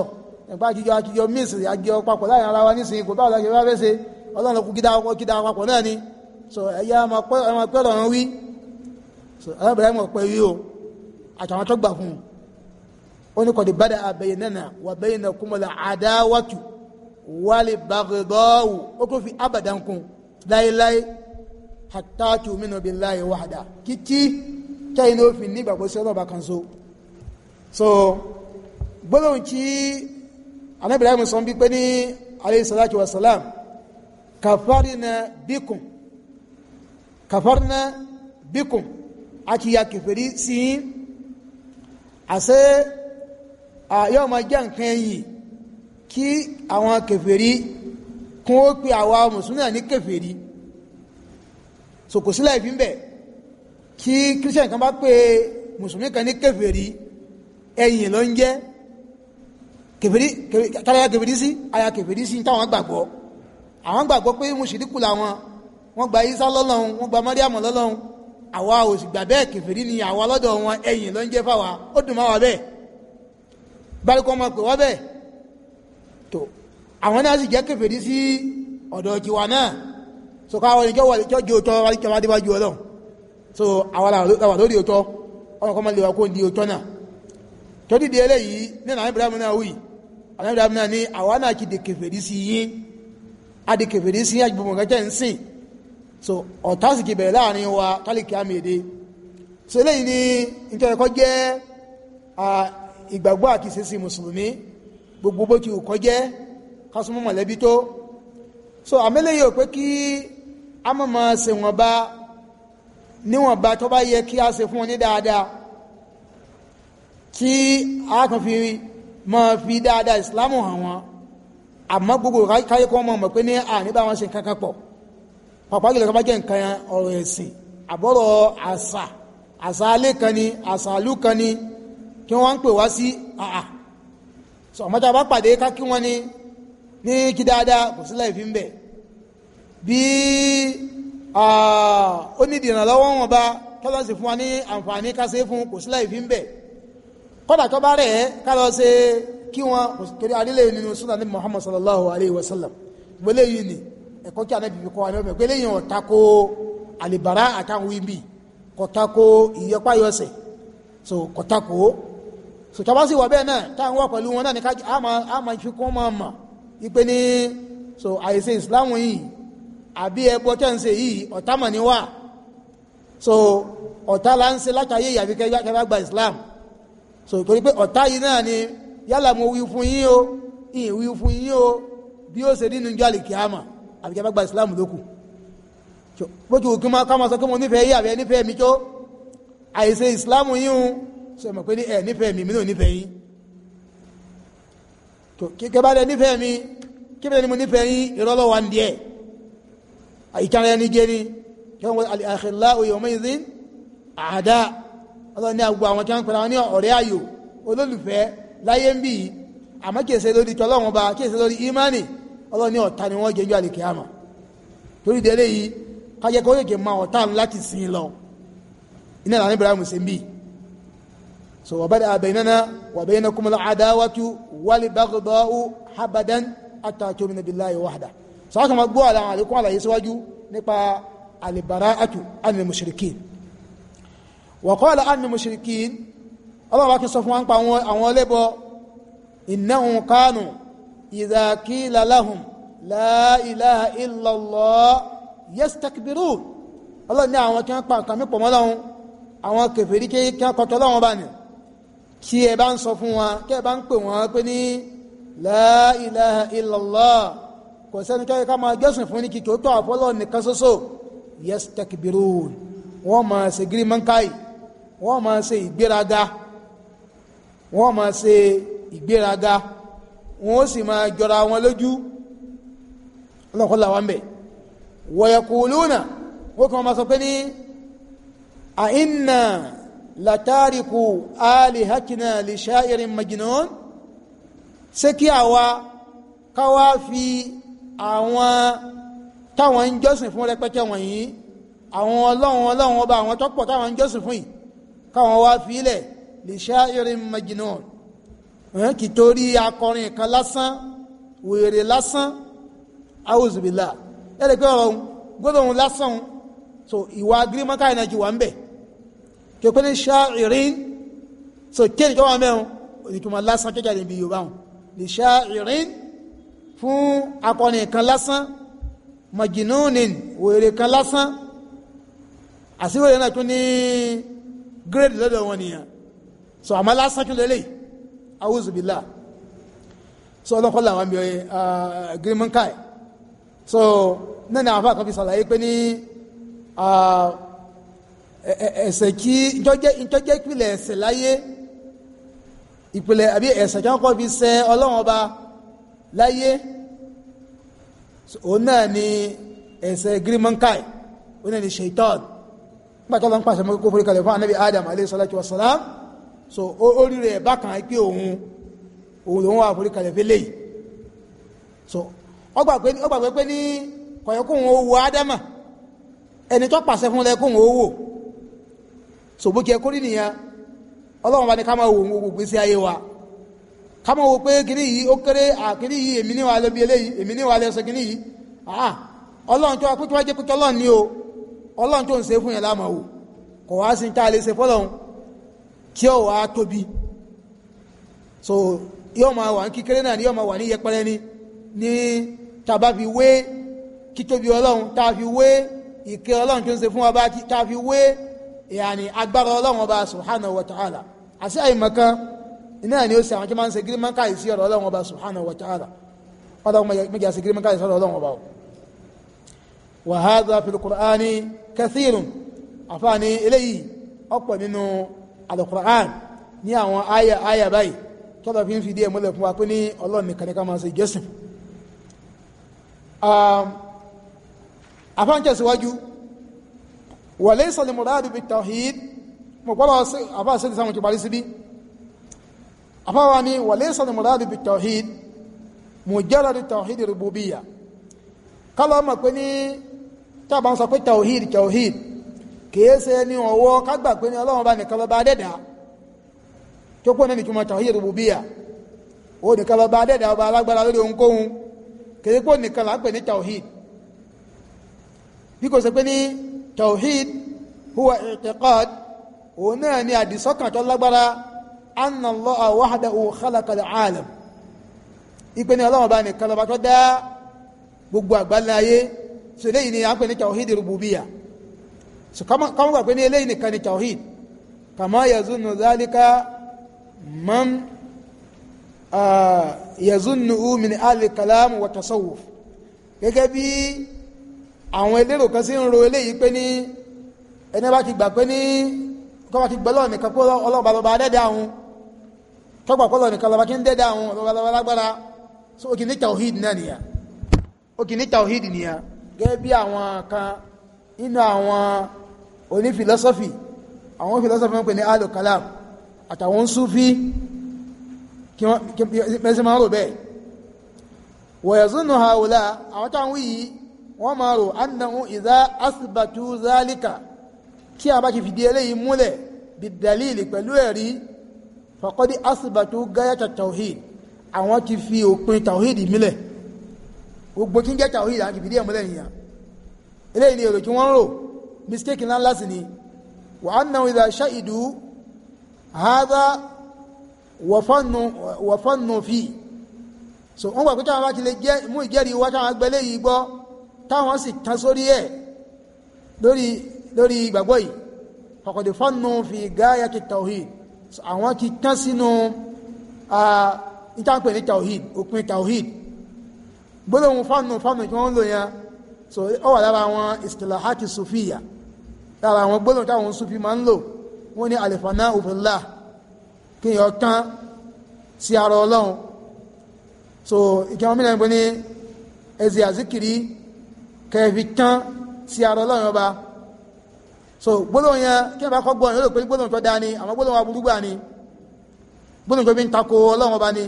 ẹ̀gbá àjíjọ àjíjọ míìsì àjíjọ papọ̀ láàrin ara wa nísìnyí kò báwo la ṣe fẹ́ fẹ́ ṣe ọlọ́run kú kí dáa papọ̀ náà ni so ẹ̀yà ọmọ pẹ́ lọ́run wí so alábẹ̀rẹ̀ mọ̀ pé wí o àtàwọn tó gbà fún un ó ní kọ̀dí bá dà àbẹ̀yìn náà wà bẹ́yìn náà kúmọ̀lá àdáwàtú wálé bàgẹ́dọ́wù ó kò fi abadan kún láéláé hatta tuminu billahi wahda kiti kai no fi ni gbàgbọ́ se ba kan so so gbọ́dọ̀ ki anabi ibrahim so bi pe ni alayhi salatu wassalam kafarina bikum kafarina bikum a ti ya kèfèrí sí yín àṣẹ yóò máa jẹ́ nǹkan ẹ̀yìn kí àwọn kèfèrí kún ó pe àwa mùsùlùmí náà ní kèfèrí so kò sílẹ̀ ìfín bẹ̀ kí christian kan bá pe mùsùlùmí kan ní kèfèrí ẹ̀yìn ló ń jẹ́ kèfèrí aya kèfèrí sí aya kèfèrí àwọn gbàgbọ́ pé mùsùlùkù làwọn wọ́n gba isa lọ́lọ́run wọ́n gba mariamu lọ́lọ́run àwa ò sì gbà bẹ́ẹ̀ kèfèrí ni àwa lọ́dọ̀ wọn ẹ̀yìn ló ń jẹ́ fáwa ó dùn máa wà bẹ́ẹ̀ báríkọ́ ọmọ pè wọ́n bẹ́ẹ̀ tó àwọn náà sì jẹ́ kèfèrí sí ọ̀dọ̀ tiwa náà so káwọn ìjọ wà ìjọ jẹ òótọ́ wà dé wájú ọlọ́run so àwa làwà lórí òótọ́ ọmọ kọ́ máa lè wà kó di òótọ́ náà tó dìde eléyìí nínú àwọn Ibrahim náà wì àwọn Ibrahim náà ní àwa náà ti dè kèfèrí sí yín adìkèbèrè sí agbègbè nǹkan ń sìn so ọ̀tá sì kìbẹ̀ láàrin wa tálíkì àmì èdè so eléyìí ni ìtọ́ẹ̀kọ́ jẹ́ ìgbàgbọ́ àkìsí sí mùsùlùmí gbogbo bó ti kọ́ jẹ́ kásùmọ́ mọ̀lẹ́bí tó so àmẹ́lẹ́yìí ò pé kí a mọ̀ máa ṣe wọn bá níwọ̀n bá tó bá yẹ kí a ṣe fún wọn ní dáadáa kí a kàn fi máa fi dáadáa ìsìlámù hàn wọn àmọ́ gbogbo káyé kọ́ mọ̀ mọ̀ pé ní àní bá wọn ṣe nǹkan kan pọ̀ pàpà jùlọ kábàjẹ nǹkan ọ̀rọ̀ ẹ̀sìn àbọ̀rọ̀ àṣà àṣà alẹ́ kan ni àṣà àlú kan ni kí wọ́n ń pè wá sí àà sọ a bá pàdé ká kí wọ́n ní ní kí dáadáa kò sílẹ̀ ìfi ń bẹ̀ bí ó ní ìdìrànlọ́wọ́ wọn bá tọ́lá sì fún wa ní àǹfààní ká ṣe é fún kò sílẹ̀ ìfi ń bẹ̀ kọ́dà tó bá rẹ̀ ká lọ ṣe kí wọn torí adílẹ̀ nínú súnà ní Muhammad sallallahu alayhi wa sallam wọlé yìí ni ẹ̀kọ́ tí anábì fi kọ́ wa ní ọbẹ̀ pé lẹ́yìn ọ̀tá kó àlìbàrá àtàwọn ibi kọ̀tá kó ìyẹpáyọsẹ̀ so kọ̀tá kó so tọ́ba sì wà bẹ́ẹ̀ náà táwọn wà pẹ̀lú wọn náà ní ká a máa fi kún máa mà ipe ní so àìsí Islam yìí àbí ẹgbọ́ tẹ́ ń ṣe yìí ọ̀tá mọ̀ ní wà so ọ̀tá là ń ṣe látàyè ìyàbíkẹ́ gba Islam so torí pé ọ̀tá yìí náà ni yálà mo wí fún yín o ìyìn wí fún yín o bí ó ṣe nínú jọ́lì kìámà àbíkẹ́ bá gba ìsìlámù lókù bójú òkú máa ká máa sọ pé mo nífẹ̀ẹ́ yí àbẹ́ nífẹ̀ẹ́ mi tó àìṣe ìsìlámù yín o sọ ma pé ní ẹ̀ nífẹ̀ẹ́ mi mi náà nífẹ̀ẹ́ yín kíkẹ́ bá dẹ̀ nífẹ̀ẹ́ mi kíbẹ̀ ni mo nífẹ̀ẹ́ yín ìrọ́lọ́wà ń díẹ̀ ìkára ẹni jẹ́ ni kí wọ́n àlìàkìlá òye ọmọ ìzín àdá ọlọ́ni àgbà àwọn tí wọ́n pẹ̀lú àwọn ní ọ̀rẹ́ ayò olólùfẹ́ láyé ń bì yìí àmọ́ kìí ṣe lórí tọ́lọ́wọ́n ba kìí ṣe lórí imani ọlọ́run ní ọ̀tá ni wọ́n jẹ́ ju àlèkè àmọ́ torí délé yìí kájẹ́ kó yèké máa ọ̀tá láti sìn lọ iná làwọn Ibrahim ṣe ń bì so wa bada'a baynana wa baynakum al-adawatu wal baghda'u abadan hatta tu'minu billahi wahda sọ́wọ́n kan máa gbọ́ àwọn àlàyé síwájú nípa al-bara'atu anil mushrikin wa qala anil mushrikin ọlọ́run bá kí sọ fún wa ń pa àwọn ọlẹ́bọ innahum kanu idha qila lahum la ilaha illallah yastakbirun ọlọ́run ní àwọn kí wọ́n pa nǹkan mípọ̀ mọ́lọ́run àwọn kèfèrí kí wọ́n kọtọ́ lọ́wọ́n bá ní kí ẹ bá ń sọ fún wa kí ẹ bá ń pè wọ́n pé ní la ilaha illallah kò sẹ́ni kẹ́kẹ́ ká máa jọ́sìn fún ní kí kò tó àfọ́lọ́ nìkan ṣoṣo yastakbirun wọ́n máa ṣe gírímọ́ńkáì wọ́n máa ṣe ìgbéraga wọ́n máa ṣe ìgbéraga wọ́n ó sì máa jọra wọn lójú ọlọ́kọ́lá wa ń bẹ̀ wọ̀yẹ̀kùlúnà wọ́n kàn máa sọ pé ní àìnà látàríkù alìhákìnà lè ṣáìrin majinun ṣé kí àwa káwá fi àwọn táwọn ń jọ́sìn fún rẹpẹtẹ wọ̀nyí àwọn ọlọ́run ọlọ́run ọba àwọn tọ́pọ̀ táwọn ń jọ́sìn fún yìí káwọn wá fi ilẹ̀ lè ṣááirin majnun kì torí akọrin kan lásán wèrè lásán awùzùbìlà ẹ̀rẹ̀ pé ọ̀rọ̀ gbọ́dọ̀ òun lásán so ìwà agirimọ́ká ìnà jù wà ń bẹ̀ kí o pé ní so kí ẹnì kan wà mẹ́rin ìtumọ̀ lásán kí jáde bí yorùbá wọn lè ṣááirin fún akọrin kan lásán majinunin wèrè kan lásán àsìwèrè náà tún ní gírèdì lọ́dọ̀ wọn nìyẹn so àmọ́ lásán kí ló lè awúzùbílà so ọlọ́kọ́lá àwọn àmì uh, grimankai so náà ni àwọn afáàkọ́ fi sàlàyé pé ní uh, ẹ̀ṣẹ̀ kí ìjọ́jẹ́ ìpìlẹ̀ ẹ̀ṣẹ̀ láyé ìpìlẹ̀ àbí ẹ̀ṣẹ̀ kí wọ́n kọ́ fi ṣẹ̀ ọlọ́run ọba láyé òun náà ni ẹ̀ṣẹ̀ grimankai òun náà ni shaitan pàtàkì ọlọ́run pàṣẹ mọ́ kó forí kalẹ̀ fún anabi adam alayhi salatu wa salam so o riri rẹ̀ bákan pé òun òun lòun wà forí kalẹ̀ fẹ́lẹ̀ yìí so ó pé ní kọ̀yọ̀kùn ó wo ẹni tó pàṣẹ fún lẹ́kùn ó so bó kẹ kórì nìyẹn ọlọ́run bá ní ká máa wo gbogbo gbèsè ayé wa ká máa wo pé kíní yìí ó kéré àkíní yìí èmi níwà lọ bí eléyìí èmi níwà yìí ọlọ́run tó wá pé o ọlọ́run tó ń fún yẹn tí ó wà tóbi so yóò máa wà ní kékeré náà ni yóò máa wà ní yẹpẹrẹ ni ní tàbá fi wé títóbi ọlọ́run tá a fi wé ìkẹ́ ọlọ́run tó ń ṣe fún wa bá tá a fi wé ìyàní agbára ọlọ́run ọba subhanahu wa ta'ala àti àìmọ̀kan iná ni ó sì àwọn tí máa ń ṣe gírímọ̀ káyì sí ọ̀rọ̀ ọlọ́run ọba subhanahu wa ta'ala ọlọ́run méjì àti gírímọ̀ káyì sí ọ̀rọ̀ ọlọ́run ọba o wa hadha fil qur'ani kathirun àfáàní eléyìí ọ̀pọ̀ nínú alukur'an ní àwọn àyà àyà báyìí tọ́lọ̀ fi ń fi díẹ̀ múlẹ̀ fún wa pé ní ọlọ́run nìkan ní ká máa ṣe ìjọsìn afáǹtẹ̀síwájú um, wàlẹ́ ìsọ̀lẹ̀ muradu bi tawhid mo gbọ́dọ̀ afáà sẹ́lẹ̀ sáwọn ti parí síbí afáà wa ni wàlẹ́ ìsọ̀lẹ̀ muradu bi tawhid mujarrad tawhid rububiyya kálọ̀ mọ̀ pé ní tábà ń sọ pé tawhid tawhid kìí ṣe ẹni ọ̀wọ́ kágbà pé ní ọlọ́run bá nìkan lọ́ba adẹ́dà tó pọ̀ náà nìtumọ̀ tawhid rububiyya ó nìkan lọ́ba adẹ́dà ọba alágbára lórí ohunkóhun kìí pọ̀ nìkan là ń pè ní tawhid bí kò ṣe pé ní tawhid huwa i'tiqad òun náà ni àdìsọ́kàn tó lágbára anna Allaha wahdahu khalaqa al-alam ìpè ní ọlọ́run bá nìkan lọ́ba tó dá gbogbo àgbáláyé ṣèléyìí ni so kama kama gbà pé ní eléyìí nìkan ni tawhid kama yazunnu dhalika man uh, yazunnu min ahli kalam wa tasawuf gẹ́gẹ́ bí àwọn elérò kan sí ń ro eléyìí pé ní ẹni bá ti gbà pé ní kọ́ba ti gbọ́lọ́ nìkan pé ọlọ́ba lọ́ba dẹ́dẹ́ àwọn tọ́gbà pọ́lọ́ nìkan lọ́ba kí ń dẹ́dẹ́ àwọn ọlọ́ba lọ́ba lágbára so ó kì ní tawhid náà nìyà ó kì ní tawhid nìyà gẹ́gẹ́ bí àwọn kan nínú àwọn oní philosophy àwọn philosophy wọ́n pè ní alo kalam àtàwọn sufi kí wọ́n mẹ́sí máa rò bẹ́ẹ̀ wọ̀yẹ̀zúnnù haula àwọn táwọn yìí wọ́n máa rò annahu idha asbatu zalika tí a bá ti fìdí eléyìí múlẹ̀ bidalili pẹ̀lú ẹ̀rí faqad asbatu gayata tawhid àwọn ti fi òpin tawhid mílẹ̀ gbogbo kí ń jẹ́ tawhid àti fìdí ẹ̀ múlẹ̀ nìyà eléyìí ni èrò tí wọ́n rò mistake ńlá ńlá sì ni wa annahu idha shahidu hadha wafannu wafannu fi so wọ́n gbà pé táwọn bá ti lè jẹ́ mú ìjẹ́rìí wá táwọn agbẹ́lẹ́ yìí gbọ́ táwọn sì tán sórí ẹ̀ lórí lórí ìgbàgbọ́ yìí faqad fannu fi ghayati tawhid àwọn ti tán sínú ìtànpẹ̀ ní tawhid òpin tawhid gbólóhùn fannu fannu tí wọ́n ń lò yẹn so ó wà lára àwọn istilahati sufiya lára àwọn gbólóhùn táwọn Sufi máa ń lò wọ́n ní àlèfànà òfìlà kí èèyàn tán sí ara ọlọ́run so ìkẹ́wọ́n mìíràn bó ní ẹ̀sìn àzíkiri kẹ́ẹ̀fì tán sí ara ọlọ́run ọba so gbólóhùn yẹn kí ẹ bá kọ́ gbọ́ yẹn ó lè pé gbólóhùn tó dáa ni àwọn gbólóhùn aburú gbà ni gbólóhùn tó fi ń tako ọlọ́run ọba ni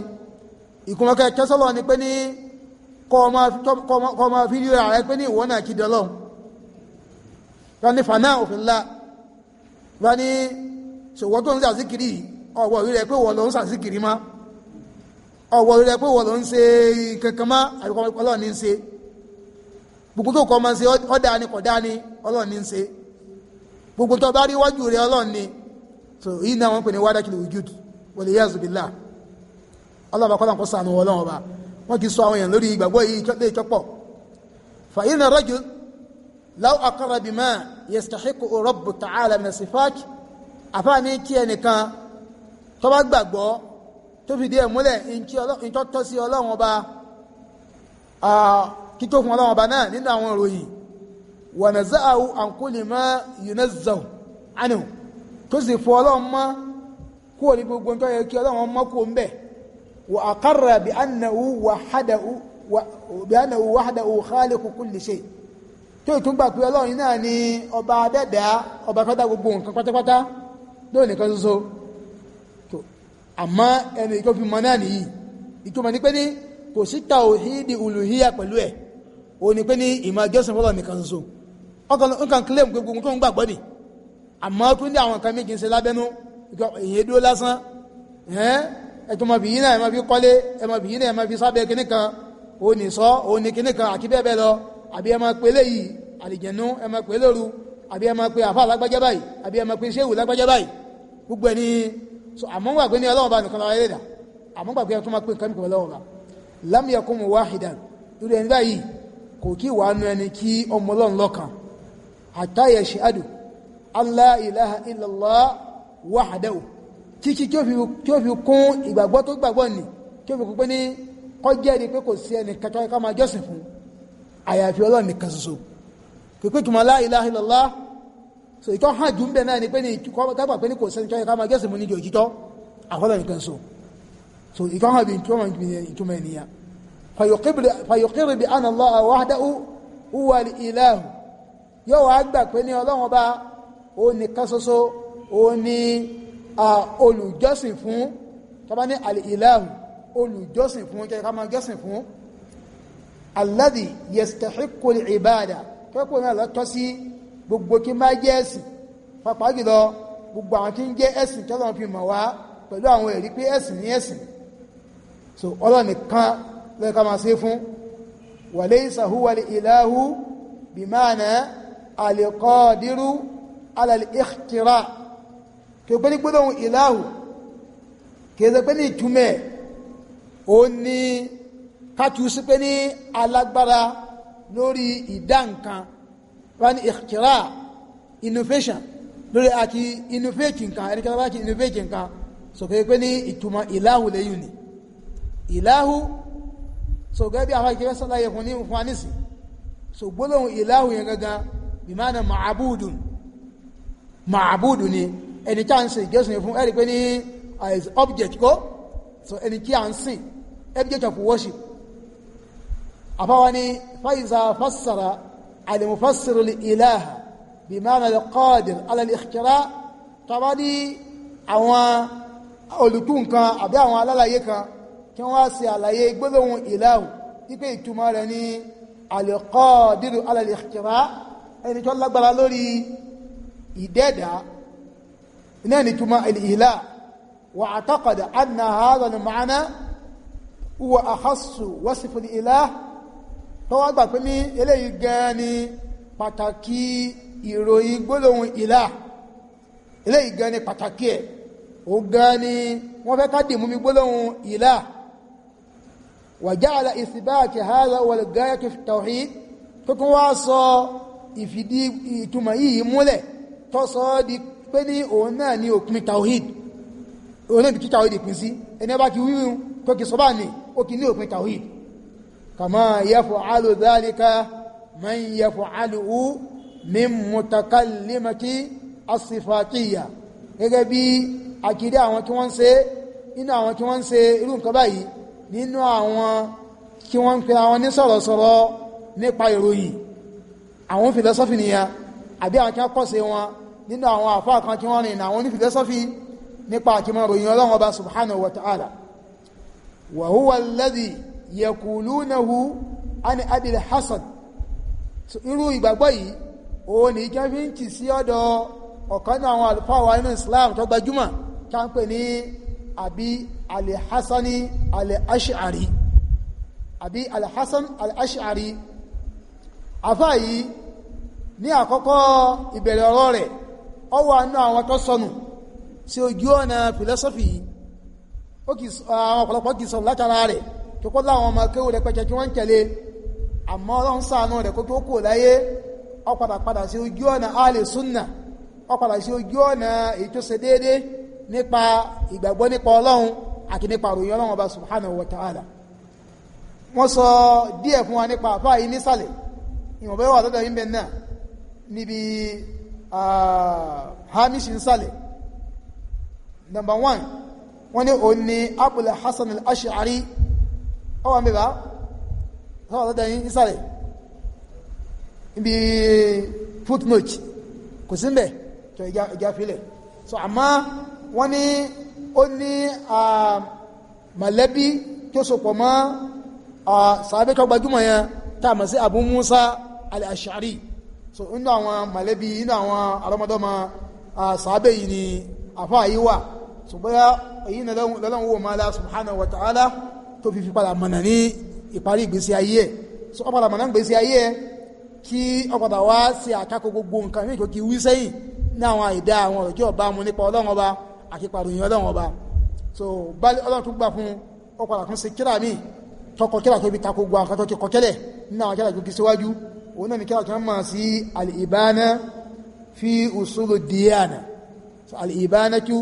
ìkùnlọ́kẹ́ kẹsọ́lọ́ ni pé ní kọ́ ọ máa fi rí ara rẹ pé ní ìwọ náà kí di ọlọ́run wọ́n ní fana òfin ńlá wọ́n ní ṣòwò tó ń sàzíkiri ọ̀wọ́ rí rẹ pé wọ́n ló ń sàzíkiri má ọ̀wọ́ rí rẹ pé wọ́n ló ń ṣe kankan má àbíkọ́ ọlọ́run ní ń ṣe gbogbo tó kọ́ ọmọ ṣe ọ̀dà ni kọ̀dá ni ọlọ́run ní ń ṣe gbogbo tó bá rí wájú rẹ ọlọ́run ni so yìí náà wọ́n pè ní wádàkì lè wùjú wọlé yẹ́ zubila ọlọ́ba kọ́lá kó sànù ọlọ́run ọba wọ́n ti sọ àwọn èèyàn lórí ìgbàgbọ́ yìí lè tọ́pọ̀ fàyín náà rọ́jò law aqarra bima yastahiqu rabbu ta'ala min sifat àfáà ní kí ẹnìkan tó bá gbàgbọ́ tó fìdí ẹ̀ múlẹ̀ ìtọ́ tọ́ sí ọlọ́run ọba kíkó fún ọlọ́run ọba náà nínú àwọn ìròyìn wa naza'ahu an kulli ma yunazzahu anhu tó sì fọ ọlọ́run mọ́ kúrò ní gbogbo nǹkan yẹ kí ọlọ́run mọ́ kúrò ń bẹ̀ wa aqarra bi annahu wahdahu bi annahu wahdahu khaliqu kulli shay' tí ó tún gbà pé ọlọ́run náà ni ọba adẹ́dá ọba pátá gbogbo nǹkan pátápátá ló nìkan ṣoṣo tó àmọ́ ẹni ìkó fi mọ náà nìyí ìtumọ̀ ní pé ní kò sí tawhidi uluhiyya pẹ̀lú ẹ̀ o ní ìmọ̀ jọ́sìn ni àmọ́ ní àwọn méjì ń ṣe lábẹ́nú ìyẹn dúró lásán náà kọ́lé náà sábẹ́ ní sọ ní àbí ẹ máa pe léyìí àlìjẹ̀nú ẹ máa pe lóru àbí ẹ máa pe àfa lágbájá báyìí àbí ẹ máa pe ṣéwù lágbájá báyìí gbogbo ẹni àmọ́ gbà pé ní ọlọ́run bá nìkan lára ẹlẹ́dà àmọ́ gbà pé ẹ tún máa pe nǹkan mìíràn lọ́wọ́ bá lam yakumu wahidan irú ẹni báyìí kò kí wàá nu ẹni kí ọmọ ọlọ́run lọ́kàn hatta yashhadu alla ilaha illallah wahdahu títí tí ó fi kún ìgbàgbọ́ tó gbàgbọ́ nì tí ó fi kún pé ní kọjá ẹni pé kò sí ẹni kẹta ká máa jọ́sìn fún un àyàfi ọlọ́run nìkan ṣoṣo pípé túnmọ̀ la ilaha so ìtọ́ hàn jù ń bẹ̀ náà ni pé ní kápà pé ní kò sẹ́ni tọ́yẹ ká gẹ́sì mú ní jò jíjọ́ àkọ́lọ̀ nìkan so ìtọ́ hàn bí ìtumọ̀ ènìyàn fayọ̀kírì bí ana Allah wahdahu huwa al-ilahu yóò wá gbà pé ní ọlọ́run ọba ó nìkan ṣoṣo ó ní olùjọ́sìn fún tọ́ba ní al olùjọ́sìn fún kẹ́kẹ́ ká máa gẹ́sìn fún alladhi yastahiqqu al-ibada kẹ́kọ̀ọ́ náà lọ́tọ́ sí gbogbo kí máa jẹ́ ẹ̀sìn pàápàá jùlọ gbogbo àwọn tí ń jẹ́ ẹ̀sìn tí ọlọ́run fi mọ̀ wá pẹ̀lú àwọn ẹ̀rí pé ẹ̀sìn ní ẹ̀sìn so ọlọ́run nìkan lọ́yẹ ká máa ṣe fún wa laysa huwa al-ilahu al-qadiru ala al-ikhtira kí o pé ní gbọ́dọ̀ ìlàhù kí o pé kátù sí pé ní alágbára lórí ìdá nǹkan wọ́n ní ìkìrá innovation lórí àti innovate nǹkan ẹni kẹta bá ti innovate nǹkan sọ̀kẹ́ pé ní ìtumọ̀ ìláhù lẹ́yìn ni ìláhù sọ̀gẹ́ bí àwọn ìkẹ́kẹ́ sọ́láyẹ̀ fún ní fún anísì so gbólóhùn ìláhù yẹn gangan bí máa na ma'abudun ma'abudun ni ẹni tí a ń sìn ìjọsìn fún ẹ̀rí pé ní as object ko so ẹni tí a ń sìn object of worship أفواني فإذا فسر المفسر الإله بمعنى القادر على الاختراع تبادي àwọn olùtú nǹkan àbí àwọn alálàyé kan kí wọ́n ṣe àlàyé gbólóhùn ìlàhù wípé ìtumọ̀ rẹ̀ ní alìkọ́ọ̀dìrò alàlìkìrá ẹni tó lágbára lórí ìdẹ́ẹ̀dá iná ní túnmọ̀ ìlà wà àtọ́kọ̀dà adìnà àárọ̀ ni ma'ana wà àhásù wọ́sífù ìlàhù tó wá gbà pé ní eléyìí gan ni pàtàkì ìròyìn gbólóhùn ìlà eléyìí gan ni pàtàkì ẹ̀ ó gan ni wọ́n fẹ́ ká dìmú mi gbólóhùn ìlà wàjáàlá ìsìbáàkì hádà wal gáyàtì tawhid tó tún wá sọ ìfìdí ìtumọ̀ yìí múlẹ̀ tó sọ di pé ní òun náà ni òpin tawhid òun náà bí kí tawhid pín sí ẹni bá ti wíwí tó kì sọ ó kì ní òpin tawhid kama yaf'alu dhalika man yaf'aluhu min mutakallimati as-sifatiyya gẹ́gẹ́ bí akide àwọn tí wọ́n ṣe nínú àwọn tí wọ́n ṣe irú nǹkan báyìí nínú àwọn kí wọ́n pè àwọn ní sọ̀rọ̀ sọ̀rọ̀ nípa ìròyìn àwọn philosophy niyan àbí àwọn tí wọ́n kọ́ṣe wọn nínú àwọn àfáà kan tí wọ́n rìn àwọn ní philosophy nípa àti ìròyìn Ọlọ́run Ọba subhanahu wa ta'ala wa huwa yẹkùlúnahu ani abil hasan irú ìgbàgbọ́ yìí òun ní kí wọ́n fi ń tì sí ọ̀dọ̀ ọ̀kan náà àwọn àlùfáà wa nínú islam tó gbajúmọ̀ ká ń pè ní àbí alìhásánì alìhásíàrí àbí alìhásán alìhásíàrí afá yìí ní àkọ́kọ́ ìbẹ̀rẹ̀ ọ̀rọ̀ rẹ̀ ó wà nínú àwọn tó sọnù sí ojú ọ̀nà philosophy yìí àwọn ọ̀pọ̀lọpọ̀ kìí sọnù látara rẹ̀ tó kó láwọn ọmọ kéwù rẹpẹtẹ tí wọ́n ń tẹ̀lé àmọ́ ọlọ́run ṣàánú rẹ̀ kó tó kò láyé ó padà padà sí ojú ọ̀nà alẹ́ súnà ó padà sí ojú ọ̀nà èyí tó ṣe déédé nípa ìgbàgbọ́ nípa ọlọ́run àti nípa àròyìn ọlọ́run ọba subhanahu wa ta'ala wọ́n sọ díẹ̀ fún wa al-ash'ari ọwọ́ mi bá sọ́wọ́ tó dẹ̀yìn ìsàlẹ̀ ibi footnote kò sí mbẹ̀ tó ìjà filẹ̀ so àmá wọ́n ní ó ní mọ̀lẹ́bí tó sopọ̀ mọ́ sàábé tó gbajúmọ̀ yẹn tá a mọ̀ sí Abu Musa al-Ash'ari so inú àwọn mọ̀lẹ́bí inú àwọn arọmọdọ́mọ sàábé yìí ni àfáà yìí wà so bóyá èyí ni lọ́lọ́wọ́ mọ́lá subhanahu wa ta'ala tó fi fi padà mọ̀nà ní ìparí ìgbésí ayé ẹ̀ so ọ padà mọ̀nà ìgbésí ayé ẹ̀ kí ọ padà wá sí àkákò gbogbo nǹkan ní ìjọkí wí sẹ́yìn ní àwọn àìdá àwọn ọ̀rọ̀ tí ọba mu nípa ọlọ́run ọba àti ọlọ́run ọba so bá ọlọ́run tó gbà fún ọ padà tún sí kíra míì tọkọ kíra tó fi takò gbogbo àkàtọ́ ti kọ̀kẹ́lẹ̀ ní àwọn kíra tó fi síwájú òun náà ni kíra tó ń sí al fi usulu diyana so al-ibanatu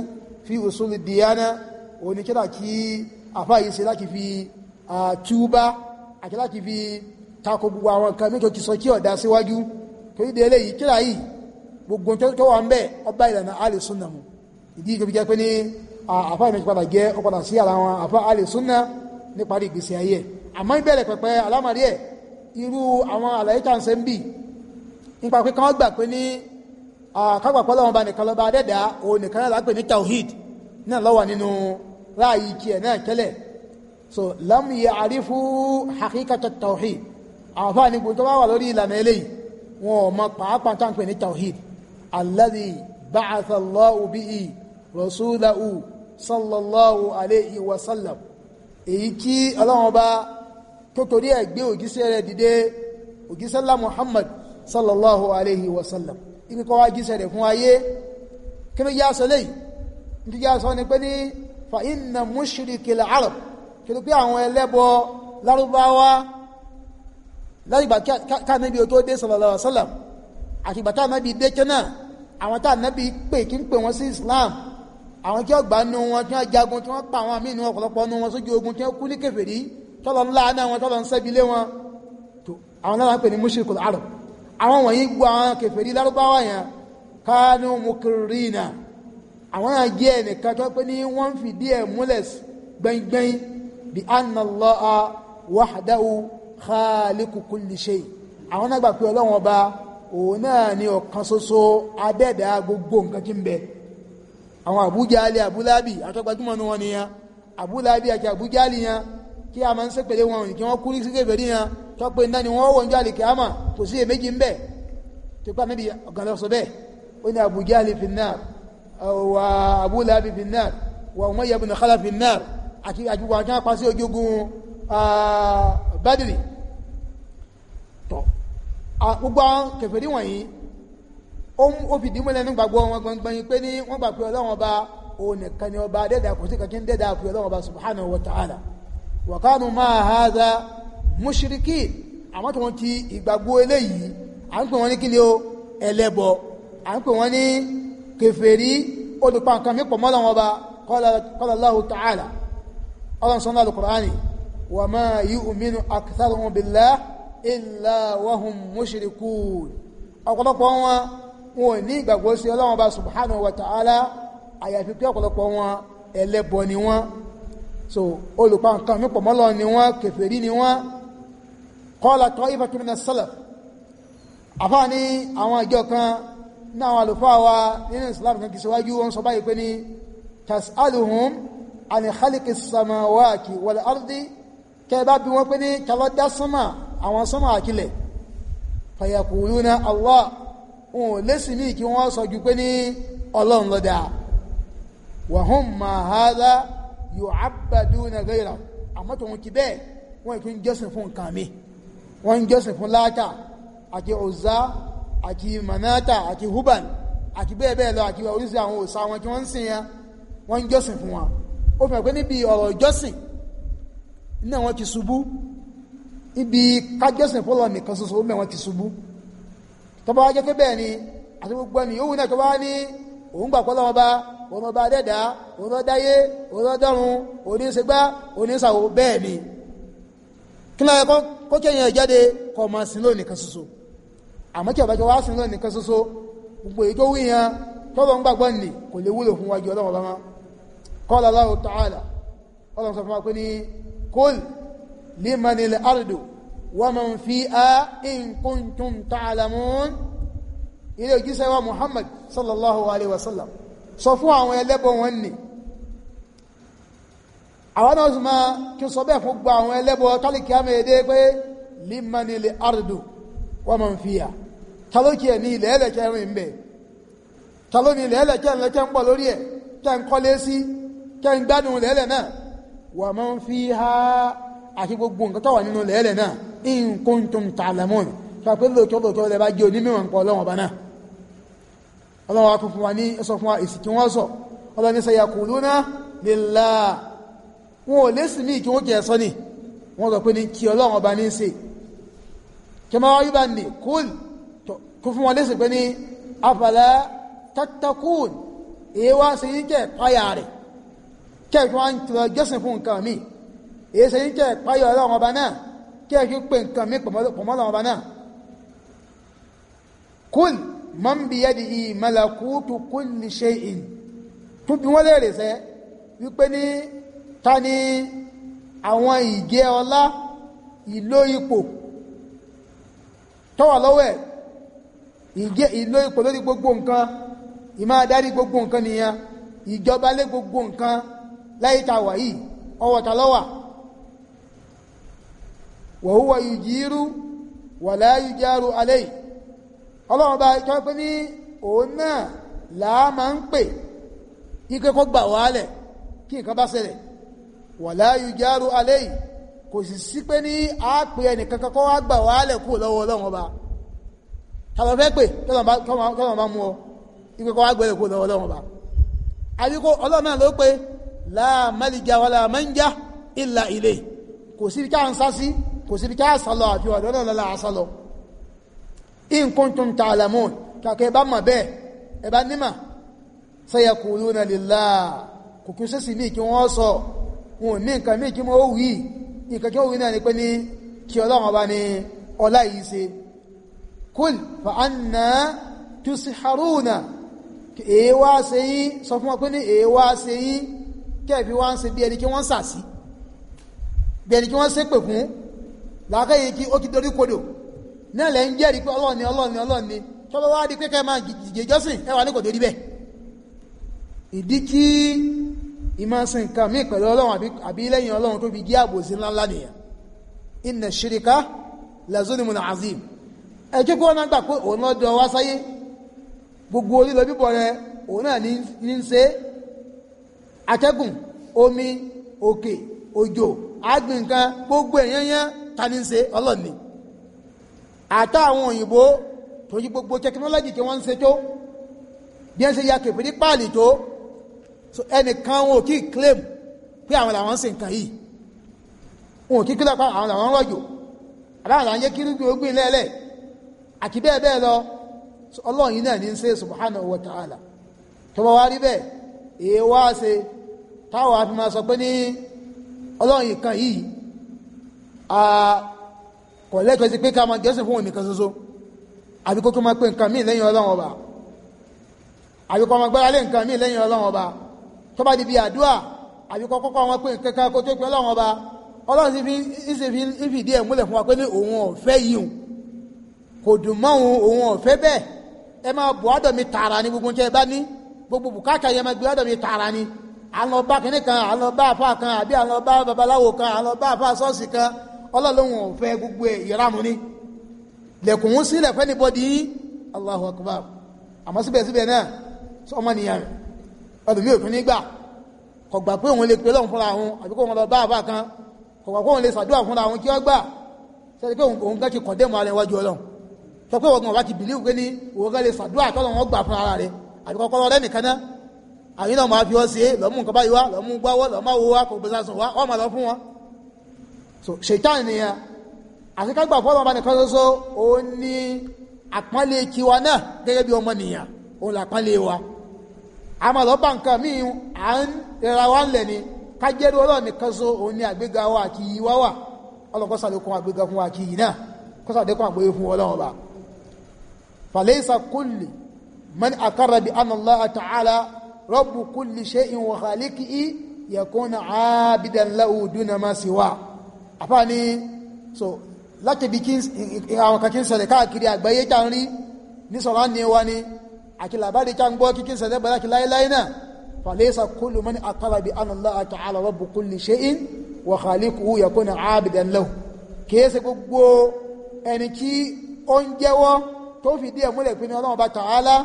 fi usulu diyana òun ni kíra kí àfá yìí ṣe láti fi túbá àti láti fi tako gbogbo àwọn nǹkan mí tó ti sọ kí ọ̀dá síwájú torí de eléyìí kíra yìí gbogbo tó wà ń bẹ̀ ọba ìlànà alì súnà mu ìdí ìjọba jẹ́ pé ní àfá ìmẹ̀jì padà jẹ́ ó padà sí ara wọn àfá alì súnà nípa rí ìgbésí ayé àmọ́ ìbẹ̀rẹ̀ pẹ̀pẹ̀ alámàrí ẹ̀ irú àwọn àlàyé tá a ń ṣe ń bì nípa pé káwọn gbà pé ní kágbàpọ̀ lọ́wọ́ bá nìkan lọ́ba adẹ́dàá òun nìkan lápè ní tawhid náà lọ́wọ́ nínú ráàyè tiẹ̀ náà tẹ́lẹ̀ so lam ya'rifu haqiqata tawhid àwọn fáà ní gbogbo tó bá wà lórí ìlànà eléyìí wọn ò mọ pàápàá tá à ń pè ní tawhid alladhi ba'atha Allahu bihi rasulahu sallallahu alayhi wa sallam èyí kí ọlọ́run bá tó torí ẹ̀ gbé òjíṣẹ́ rẹ̀ dìde òjíṣẹ́ ńlá muhammad sallallahu alayhi wa sallam ibi kọ́ wá jíṣẹ́ rẹ̀ fún ayé kí ló yá sọ léyìí nítorí yá sọ ni pé ní fa inna mushriki al-arab kí ló pé àwọn ẹlẹ́bọ lárúbáwá láyìgbà káànábi tó dé sallallahu alaihi wasallam àtìgbà táànábi dé kẹ́nà àwọn táànábi pè kí ń pè wọ́n sí islam àwọn tí ọgbà nu wọn tí wọ́n jagun tí wọ́n pa àwọn míì nu ọ̀pọ̀lọpọ̀ nu wọn sójú ogun tí wọ́n kú ní kèfèrí tọ́lọ ńlá náà wọn tọ́lọ ń sẹ́bi lé àwọn náà pè ní mushrikul arab àwọn wọ̀nyí gbọ́ àwọn kèfèrí lárúbáwá yẹn kánú mukirina àwọn náà jẹ́ ẹnìkan tó pé ní wọ́n fìdí ẹ̀ múlẹ̀ gbẹ̀ngbẹ̀ng bí anna Allaha wahdahu khaliqu kulli shay àwọn náà gbà pé ọlọ́wọ́n ọba òun náà ni ọ̀kan ṣoṣo adẹ́dàá gbogbo nǹkan tí ń bẹ àwọn àbújáàlì àbúlábì àtọ́gbàjúmọ̀ ní wọn nìyàn àbúlábì àti àbújáàlì yàn kí a máa ń sépèlé wọn òní kí wọ́n kú ní sí kébè níyàn tó pé náà ni wọ́n wọ́n jáàlì kíámà kò sí èméjì ń bẹ tó pàmì bí ọ̀gànlọ́sọ bẹ́ẹ̀ ó ní àbújáàlì fi náà وابو لهب في النار واميه بن خلف في النار àti àjúgbà jẹ́ pa sí ojogun bádìrì tọ́ gbogbo kèfèrí wọ̀nyí ó fìdí múlẹ̀ ní gbàgbọ́ wọn gbọmgbọmí pé ní wọ́n gbà pé Ọlọ́run Ọba onìkan ni ọba dẹ́dà kò sí kankan dẹ́dà pé Ọlọ́run Ọba subhanahu wa ta'ala wa kanu ma'a hadha mushrikin àmọ́ tí wọ́n ti ìgbàgbọ́ eléyìí à ń pè wọ́n ní kí ni ó ẹlẹ́bọ à ń pè wọ́n ní kèfèrí olùpa nǹkan mi pọ̀ mọ́lọ́wọ́ ọba qala Allahu ta'ala ọlọ́run sọ́nà al-Qur'ani wa ma yu'minu aktharuhum billahi illa wa hum mushrikun ọ̀pọ̀lọpọ̀ wọn wọn ò ní ìgbàgbọ́ sí ọlọ́run ọba subhanahu wa ta'ala àyàfi pé ọ̀pọ̀lọpọ̀ wọn ẹlẹ́bọ ni wọn so olùpa nǹkan mi pọ̀ mọ́lọ́ ni wọn kèfèrí ni wọn qala ta'ifatu min as àfáà ní àwọn ìjọ kan náà àwọn àlùfáà wa nínú islam kan kì síwájú wọn sọ báyìí pé ní tasaluhum ani khaliki samawati wal ardi kẹ bá bí wọn pé ní kẹlọ dá sánmà àwọn sánmà àkilẹ̀ fayakuluna allah wọn ò lé sí ní kí wọn sọ ju pé ní ọlọ́run lọ́dà wàhùn máa hádá yóò ábàdúnà gẹ́rà àmọ́ tòun ti bẹ́ẹ̀ wọ́n ìpín jọ́sìn fún nǹkan mi wọ́n fún láàkà àti ọ̀zá àti manata àti huban àti bẹ́ẹ̀ bẹ́ẹ̀ lọ àti oríṣi àwọn òòṣà wọn tí wọ́n ń ya wọ́n ń jọ́sìn fún wa ó fẹ́ pé níbi ọ̀rọ̀ ìjọ́sìn náà wọ́n ti ṣubú níbi kájọ́sìn fọ́lọ́ nìkan ṣoṣo mẹ́ wọ́n ti ṣubú tó bá pé bẹ́ẹ̀ ni àti gbogbo ẹni yòówù náà tó ní òun gbà pọ́lọ́ ọba òun ọba dẹ́dá òun ọdáyé òun ọdọ́run ni kí kó kẹ́yìn ẹ̀ jáde àmọ́ tí ọ̀bájọ́ wá sùn náà nìkan ṣoṣo gbogbo èyí tó wí yan tọ́lọ̀ ń gbàgbọ́ nì kò lè wúlò fún wájú ọlọ́run ọba qala Allahu ta'ala ọlọ́run sọ fún wa pé ní kul limanil ardu wa man fiha in kuntum ta'lamun ilé òjíṣẹ́ wa Muhammad sallallahu alaihi wasallam sọ fún àwọn ẹlẹ́bọ wọn nì àwọn náà sì máa kí sọ bẹ́ẹ̀ fún gba àwọn ẹlẹ́bọ tálíkì àmì èdè pé limanil ardu wa man fiha talókì ẹ̀ e ní ilẹ̀ ẹlẹ́kẹ́ rìn bẹ̀ talóni ilẹ̀ ẹlẹ́kẹ́ ẹlẹ́kẹ́ ń pọ̀ lórí ẹ̀ e, kẹ́ ń kọ́lé sí kẹ́ ń gbádùn lẹ́lẹ̀ náà wà máa ń fi ha àti gbogbo nǹkan tó wà nínú lẹ́lẹ̀ náà in kuntum ta'lamun sọ pé lóòótọ́ lóòótọ́ lẹ bá jẹ́ onímọ̀ nǹkan ọlọ́run ọba náà ọlọ́run wa kún fún wa ní sọ fún wa èsì tí wọ́n sọ ọlọ́run sọ yaquluna lillah wọn ò lésì míì kí wọ́n jẹ́ sọ ni wọ́n sọ pé ní kí ọlọ́run ọba ní í ṣe kí kó fún wọn lésì pé ní afala tattakun èyí wá sí yí kẹ́ páyà rẹ̀ kẹ́ fi wá ń tọ́ jọ́sìn fún nǹkan mi èyí sí yí kẹ́ páyà ọlọ́run ọba náà kẹ́ fi pé nǹkan mi pọ̀mọ́ ọlọ́run ọba náà kul man biyadihi malakutu kulli shay'in tó bí wọ́n léèrè sẹ́ wípé ní ta ni àwọn ìgé ọlá ìlò ipò tọ́wà lọ́wọ́ ẹ̀ ìjẹ́ ìlò ipò lórí gbogbo nǹkan ìmá adarí gbogbo nǹkan nìyẹn ìjọba lé gbogbo nǹkan láyé ta wà yìí ọwọ́ ta lọ́wà wa huwa yujiru wa la yujaru alayhi bá jọ pé ní òun náà làá máa ń pè ike kó gbà wálẹ̀ kí nǹkan bá ṣẹlẹ̀ wa la yujaru alayhi kò sì sí pé ní àápè ẹnìkan kankan wá gbà wálẹ̀ kúrò lọ́wọ́ ọlọ́run ọba tàbí fẹ́ pè tọ́lọ̀ bá mú ọ ipe kọ́ wá gbẹ̀rẹ̀ kó lọ́wọ́ lọ́wọ́ bá àbíkó ọlọ́run náà ló pé la malija wala manja illa ilayhi kò síbi ká ń sá sí kò síbi ká sálọ àfi ọ̀dọ́ náà lọ́la àsálọ in kuntum ta'lamun kàkẹ́ bá mà bẹ́ẹ̀ ẹ bá nímà sayaquluna lillah kò kí sẹ́sì míì kí wọ́n sọ wọn ní nǹkan míì kí wọ́n wí nǹkan kí wọ́n wí náà ni pé ní kí ọlọ́run ọba ni ọlá yìí ṣe kúl fa anna tusiharuna èèwá ṣe yí sọ fún wọn pé ní èèwá ṣe yí kẹ́ẹ̀fí wá ń ṣe bí ẹni kí wọ́n sàsí bí ẹni kí wọ́n ṣépè fún làákàyè kí ó ti dorí kodò náà lẹ́ ń jẹ́rìí pé ọlọ́ọ̀ni ọlọ́ọ̀ni ọlọ́ọ̀ni tọ́lọ́ wá di pé kẹ́ẹ̀ máa jìjì jọ́sìn ẹ wà ní kò dorí bẹ́ẹ̀ ìdí kí ìmọ̀ sí nǹkan mí pẹ̀lú ọlọ́run àbí lẹ́yìn ọlọ́run tó fi jẹ́ àbòsí ńláńlá nìyẹn inna shirika la zulmun azim ẹ jẹ́ kí wọ́n gbà pé òun náà dán wá sáyé gbogbo onílọ bíbọ̀ rẹ òun ní ń atẹ́gùn omi òkè òjò àgbìn nǹkan gbogbo èèyàn ta ní ń ṣe ọlọ́ọ̀ni àtàwọn òyìnbó tó yí gbogbo tẹkinọ́lọ́jì tí wọ́n ń ṣe tó bí ya páàlì tó ẹnìkan wọn ò kí claim pé àwọn làwọn ń ṣe nǹkan yìí wọn ò kí àwọn làwọn ń rọ̀jò làwọn yẹ àti bẹ́ẹ̀ bẹ́ẹ̀ lọ ọlọ́run yìí náà ní ń ṣe subhanahu wa ta'ala tó bá wá rí bẹ́ẹ̀ èyí wá ṣe táwọn afi máa sọ pé ní ọlọ́run yìí kan yìí kò lẹ́tọ̀ọ́ sí pé ká máa jọ́sìn fún òun nìkan ṣoṣo àbí kó tó máa pé nǹkan míì lẹ́yìn ọlọ́run ọba àbí kó máa gbára lé nǹkan míì lẹ́yìn ọlọ́run ọba tó bá di bí àdúrà àbí kó kọ́kọ́ wọn pé nǹkan kan kó tó pé ọlọ́run ọba ọlọ́run sì fi ìfìdí ẹ̀ múlẹ̀ fún wa pé ní òun ọ̀fẹ́ yìí kò dùn mọ́ òun òun ọ̀fẹ́ bẹ́ẹ̀ ẹ máa bọ̀ ọ́dọ̀ mi tààrà ni gbogbo tẹ́ ẹ bá ní gbogbo bùkátà yẹn máa gbé ọ́dọ̀ mi tààrà ni à ń lọ bá kinní kan à ń lọ bá àfa kan àbí à ń lọ bá babaláwo kan à ń lọ bá àfa sọ́ọ̀sì kan ọlọ́lọ́hún ọ̀fẹ́ gbogbo ẹ̀ ìramu ni lẹ̀kùn ń sílẹ̀ fẹ́ ní bọ́dí Allahu Akbar àmọ́ síbẹ̀síbẹ̀ náà ọmọnìyàn ọdún yóò tún nígbà kò gbà pé òun lè pe lọ́hùn fúnra òun àbí kó wọn lọ bá àbá kan kò gbà pé òun lè ṣàdúrà fúnra òun kí wọ́n gbà sẹ́ni pé òun kàn ti kọ̀dẹ́mọ̀ ara ẹ̀ wájú ọlọ́run sọ pé ọgbọ̀n wa ti bìlíwù pé ní òwúrọ̀ lè fàdúrà tọ́lọ̀ wọn gbà fún ara rẹ̀ àbí kọ́kọ́rọ́ rẹ̀ nìkan náà àbí náà máa fi wọ́n ṣe lọ́mú nǹkan báyìí wá lọ́mú gbáwọ́ lọ́mú àwọ̀ wa kò gbèsè àsùn wa wọ́n máa lọ fún wọn. so ṣètàn nìyẹn àti kágbà fọ́lọ́ ọba nìkan ṣoṣo ó ní àpọ́nlé tiwa náà gẹ́gẹ́ bí ọmọ nìyàn ó là pọ́nlé wa a máa lọ bá nǹkan míì à ń rẹra wa ń lẹ̀ ni kájẹ́rú ọlọ́run nìkan ṣoṣo ó ní àgbéga wa àti yìí wá wà ọlọ́kọ́sàlékún àgbéga fún wa àti yìí náà kọ́sàlékún àgbéga fún ọlọ́run báà فليس كل من أقر بأن الله تعالى رب كل شيء وخالقه يكون عابدا له دون ما سواه àfáàní so láti bí àwọn kan kí ń ṣẹlẹ̀ káàkiri àgbáyé já ń rí ní sọ̀rọ̀ ní wa ni àti làbárí já ń gbọ́ kí kí ń ṣẹlẹ̀ bẹ̀rẹ̀ kí láíláí náà fàlẹ́sà kúlù mọ́ni àkàrà bí anàlá ta'ala rabbu kulli shay'in wa khaliquhu yakuna 'abidan lahu kìí gbogbo ẹni tí ó tó fi díẹ̀ múlẹ̀ pé ní ọlọ́run ọba ta'ala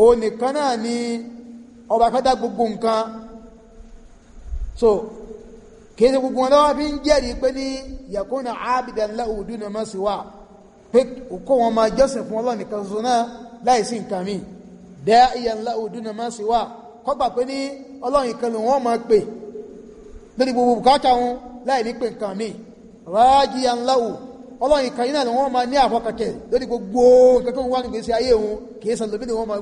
òun nìkan náà ni ọba kọ́dá gbogbo nǹkan so kìí ṣe gbogbo wọn lọ́wọ́ fi ń jẹ́rìí pé ní yakuna abidan lahu duna ma siwa pé kó wọn máa jọ́sìn fún ọlọ́run nìkan ṣoṣo náà láì sí nǹkan mi da'iyan lahu duna ma siwa kọ́gbà pé ní ọlọ́run nìkan ló wọ́n máa pè lórí gbogbo bùkátà wọn láì ní pè nǹkan mi rajiyan lahu ọlọ́run kan iná ni wọ́n máa ní àfọkàkẹ́ lórí gbogbo nǹkan tó ń wá nígbèsí ayé òun kìí sàn lóbi ni wọ́n máa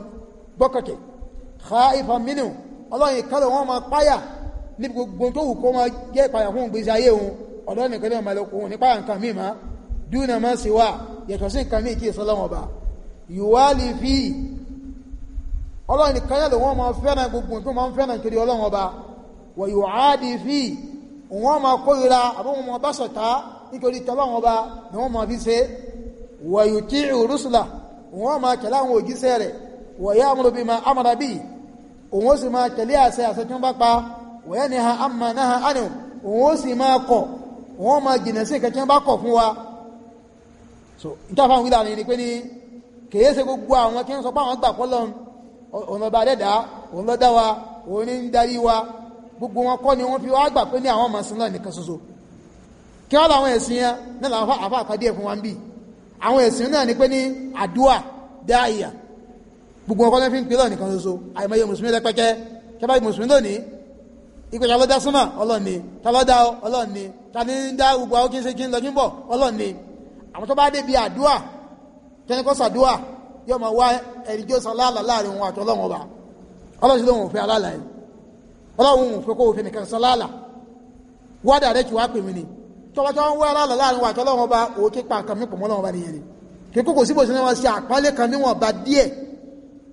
gbọ́kàkẹ́ khaifan minhu ọlọ́run kan lọ wọ́n máa páyà ní gbogbo tó wù kó máa jẹ́ ìpayà fún ìgbésí ayé òun ọ̀dọ́ nìkan ní ọmọlẹ́ òun ní páyà nǹkan míì má dúnà má sì wà yàtọ̀ sí nǹkan míì kìí sọ lọ́wọ́ bá yuwali fi ọlọ́run kan lọ máa fẹ́ràn gbogbo tó máa fẹ́ràn kiri ọlọ́run ọba wa yuadi fi òun máa kórira àbọ̀ wọn bá sọ̀tá nítorí tọ́lọ́wọ́n ọba ni wọ́n máa fi ṣe wọ̀yùtí ìrúsùlà wọ́n máa tẹ̀lé àwọn òjíṣẹ́ rẹ̀ wọ̀yá bi ma amara bi òun ma sì máa tẹ̀lé àṣẹ àṣẹ tí pa wọ̀yá ha amma náà ánìwò òun ó sì máa kọ̀ wọ́n máa jìnà sí ìkẹ́ fún wa so ìtàfà wílà ni ni pé ní kèé ṣe gbogbo àwọn kí ń sọ gba àwọn wa wa gbogbo wọn ni fi wá gbà kí wọ́n làwọn ẹ̀sìn yẹn náà làwọn àfa àkàdé ẹ̀ fún wa ń bì àwọn ẹ̀sìn náà ni pé ní àdúà dáìyà gbogbo ọkọ náà fi ń pè lọ nìkan ṣoṣo àìmọye mùsùlùmí lẹ́pẹ́kẹ́ kí wọ́n mùsùlùmí lónìí ìpè ta ló dá sánmà ọlọ́ọ̀ni ta ló dá ọlọ́ọ̀ni ta ní dá gbogbo àwọn kí n ṣe kí n lọ kí n bọ̀ ọlọ́ọ̀ni àwọn tó bá dé bi àdúà kẹ́ni kọ́ sàdúà yóò máa wá ẹ̀ríjó san láàlà láàrin òun àti ọlọ́run ọba ọlọ́run sì lóun ò fẹ́ aláàlà yìí ọlọ́run ni tọ́ba tí wọ́n ń wá aláàlá láàrin wa àtọ́lọ́wọ́n ọba òun kí pa nǹkan mípò mọ́lọ́wọ́n ọba nìyẹn ni kíkó kò síbò sí ni wọ́n ṣe àpálẹ̀ kan níwọ̀n ba díẹ̀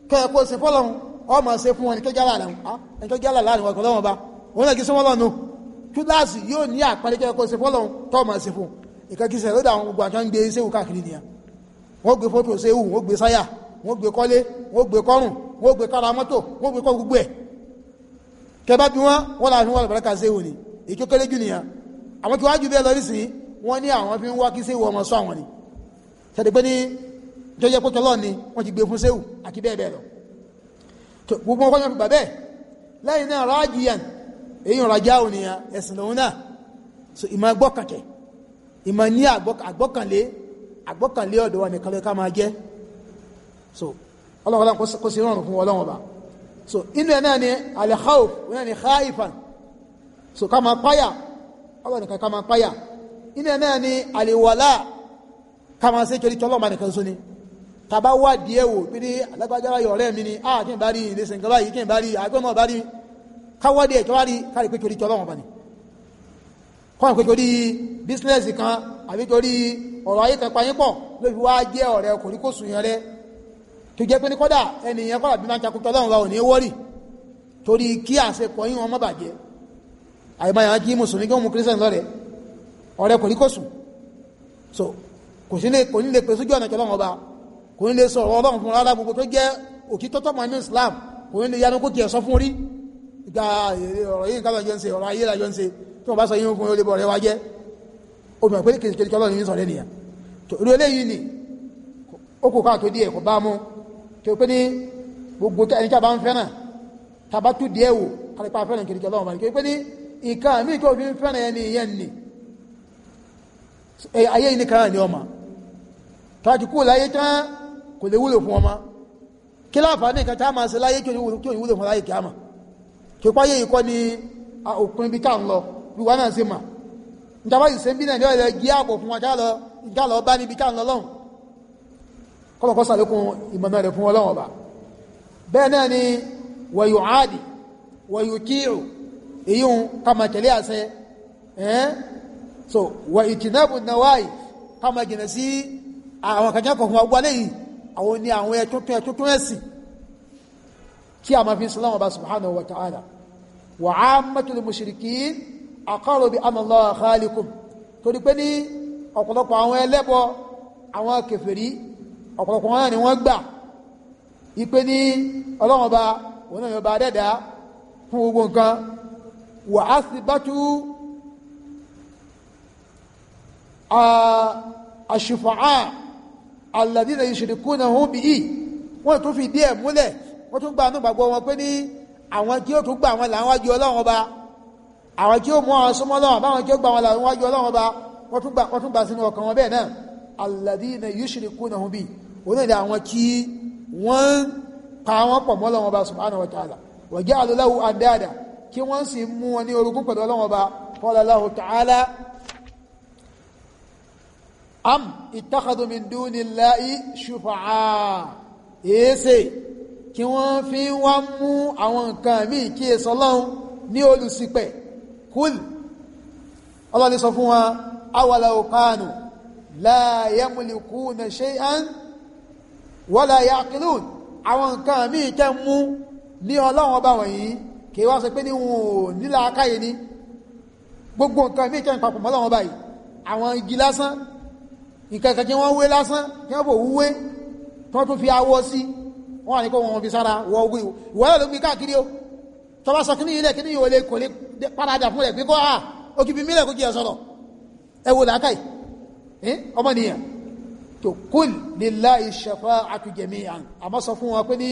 kọ́ ẹ̀ kó ṣe fọ́lọ́run ọmọ ṣe fún wọn ní kẹjá ah, láàrin wa ẹnìkẹjá láàrin wa àtọ́lọ́wọ́n ọba òun náà kí sọ́mọ́ lọ́nu kíláàsì yóò ní àpálẹ̀ kẹ́ kó ṣe fọ́lọ́run tọ́ ọmọ ṣe fún ìkẹ́kíṣẹ́ lọ́dọ̀ àwọn gbogbo àtọ́ ń gbé séwù káàkiri nìyẹn wọ́n gbé fótó séwù wọ́n gbé sáyà wọ́n gbé kọ́lé wọ́n gbé kọ́rùn wọ́n gbé kára mọ́tò wọ́n gbé kọ́ gbogbo ẹ̀ kẹ bá wọ́n wọ́n láàrin wọn lọ́bàrẹ́ka séwù ni ìkékeré jù nìyẹn àwọn tí wàá ju bẹ́ẹ̀ lọ rí sìn wọ́n ní àwọn fi ń wá kí séwu ọmọ sọ àwọn ni ṣàdé pé ní jọjọ pé tọlọ ni wọ́n ti gbé fún séwu àti bẹ́ẹ̀ bẹ́ẹ̀ lọ gbogbo ọkọ yẹn fi bàbẹ́ lẹ́yìn náà rájìyàn èyí rajá òní ẹ̀sìn lòun náà so ìmọ̀ gbọ́kànkẹ́ ìmọ̀ ní àgbọ́kànlé àgbọ́kànlé ọ̀dọ̀ wa nìkan ló ká máa jẹ́ so ọlọ́wọ́lá kó sí rọrùn fún ọlọ́wọ́ bá so inú ẹ̀ náà ni al-khawf náà ni khaifan so ká máa páyà ọba ká máa páyà inú ẹ̀ ni àlèwọ̀lá ká máa ṣe kiri tọ́lọ́mà nìkan sóni tàbá wà díẹ̀ wò pé ní alágbájára yọ mi ni a ah, kí n bá rí ilé sìnkà báyìí kí n bá rí àgbẹ̀mọ̀ bá rí ká wá díẹ̀ tó wá rí ká rí pé kiri tọ́lọ́mà bá ní kọ́nà pé torí bísínẹ́sì kan àbí torí ọ̀rọ̀ ayé kan payín pọ̀ ló fi wá jẹ́ ọ̀rẹ́ kòríkòsùn yẹn rẹ tó jẹ́ pé ní kọ́dà ẹnìyẹn kọ́dà bí máa ń takùtọ̀ lọ́run wa ò ní wọ́rì torí kí àṣepọ̀ yín wọn má bàjẹ́ àìbáyà jí mùsùlùmí gán mú kírísàn lọ́rẹ̀ ọ̀rẹ́ kò ní kò sùn so kò sí lè kò ní lè pèsè ojú ọ̀nà ìjọba ọba kò ní lè sọ ọ̀rọ̀ ọlọ́run fún rárá gbogbo tó jẹ́ òkítọ́ tọ́mọ ní Islam kò ní lè yanu kó kìí ẹ̀sọ́ fún rí ìgbà eh, ọ̀rọ̀ yìí nǹkan jẹ́ ń ṣe ọ̀rọ̀ ayé la jọ ń ṣe tí wọ́n bá sọ yín fún olè bọ̀rẹ̀ wa jẹ́ omi ọ̀pẹ́ kìrìkìrì kí ọlọ́run yín sọ̀rọ̀ ènìyàn tó irú eléyìí ni ó kò káà tó díẹ̀ kò bá mú tó pé ní gbogbo ẹni tí a bá ń fẹ́ràn tá a díẹ̀ wò kárípa fẹ́ràn kìrìkìrì ọlọ́run bá ní pé ní nǹkan a ìkọ́ òbí fẹ́ràn ẹni na ni ayé yìí nìkan ni ọmọ tọ́jú kú láyé tán kò lè wúlò fún ọmọ kí láǹfààní nǹkan tá a máa ṣe láyé tí ò ní wúlò fún láyé kíámà ni ibi tá à Bụwa lọ bí wọn náà ṣe mà níjàmbá yìí ṣe ń bí náà ní ọ̀rẹ́ gí èyí ń ká máa tẹ̀lé so wà ìtìnàbù náwáì ká máa jìnà sí àwọn kàjá kọ̀ọ̀kan wa wálé yìí àwọn ni àwọn ẹ̀túntún ẹ̀túntún ẹ̀sìn tí a máa fi sọ́lọ́wọ́ bá subhanahu wa ta'ala wà á mẹ́tùlù mushrikin aqalu bi anna Allah khaliqum torí pé ní ọ̀pọ̀lọpọ̀ àwọn ẹlẹ́bọ àwọn kèfèrí ọ̀pọ̀lọpọ̀ wọn ni wọ́n gbà ipe ní ọlọ́wọ́n ba òun náà yọba dẹ́dàá fún gbogbo nǹkan وأثبتوا الشفعاء الذين يشركونه به wọ́n tún fi díẹ̀ múlẹ̀ wọ́n tún gba àánú gbàgbọ́ wọn pé ní àwọn tí ó tún gba àwọn làwọn wájú ọlọ́run ọba àwọn tí ó mú àwọn súnmọ́ lọ́wọ́ àbáwọn tí ó gba àwọn làwọn ọlọ́run ọba wọ́n tún gba wọ́n tún gba sínú ọkàn wọn bẹ́ẹ̀ náà alladhina yushrikunahu bi òun náà ni àwọn tí wọ́n pa wọ́n pọ̀ mọ́ ọlọ́run ọba subhanahu wa ta'ala wa ja'alu lahu andada kí wọ́n sì mú wọn ní orogún pẹ̀lú ọlọ́wọ́n ọba qala Allahu ta'ala am ittakhadhu min dunillahi shufa'a èése kí wọ́n fi wá mú àwọn nǹkan míì kí èso ọlọ́run ní olùṣìpẹ̀ kúl ọlọ́ni sọ fún wọn awalaw kanu la yamlikuna shay'an wala ya'qilun àwọn nǹkan míì kẹ́ mú ní ọlọ́run ọba wọ̀nyí kí wá sọ pé ní wọn ò nílà akáyè ni gbogbo nǹkan mí ìtẹ́ ìpapọ̀ mọ́lọ́wọ́ báyìí àwọn igi lásán nǹkan kẹ̀kẹ́ wọ́n wé lásán kí wọ́n bò wúwé tí wọ́n tún fi awọ sí wọ́n wà ní kó wọn fi sára wọ ogun ìwọ́lẹ̀ ló fi káàkiri o tọ́ bá sọ kí ní ilẹ̀ kí ní ìwọlé kò lè padà jà fún rẹ̀ pé kó a ah, ó kì mílẹ̀ kó jìyà sọ̀rọ̀ ẹ wo làákàyè ọmọ nìyàn tó kúl lillahi shafa'atu jami'an àmọ́ sọ fún wọn pé ní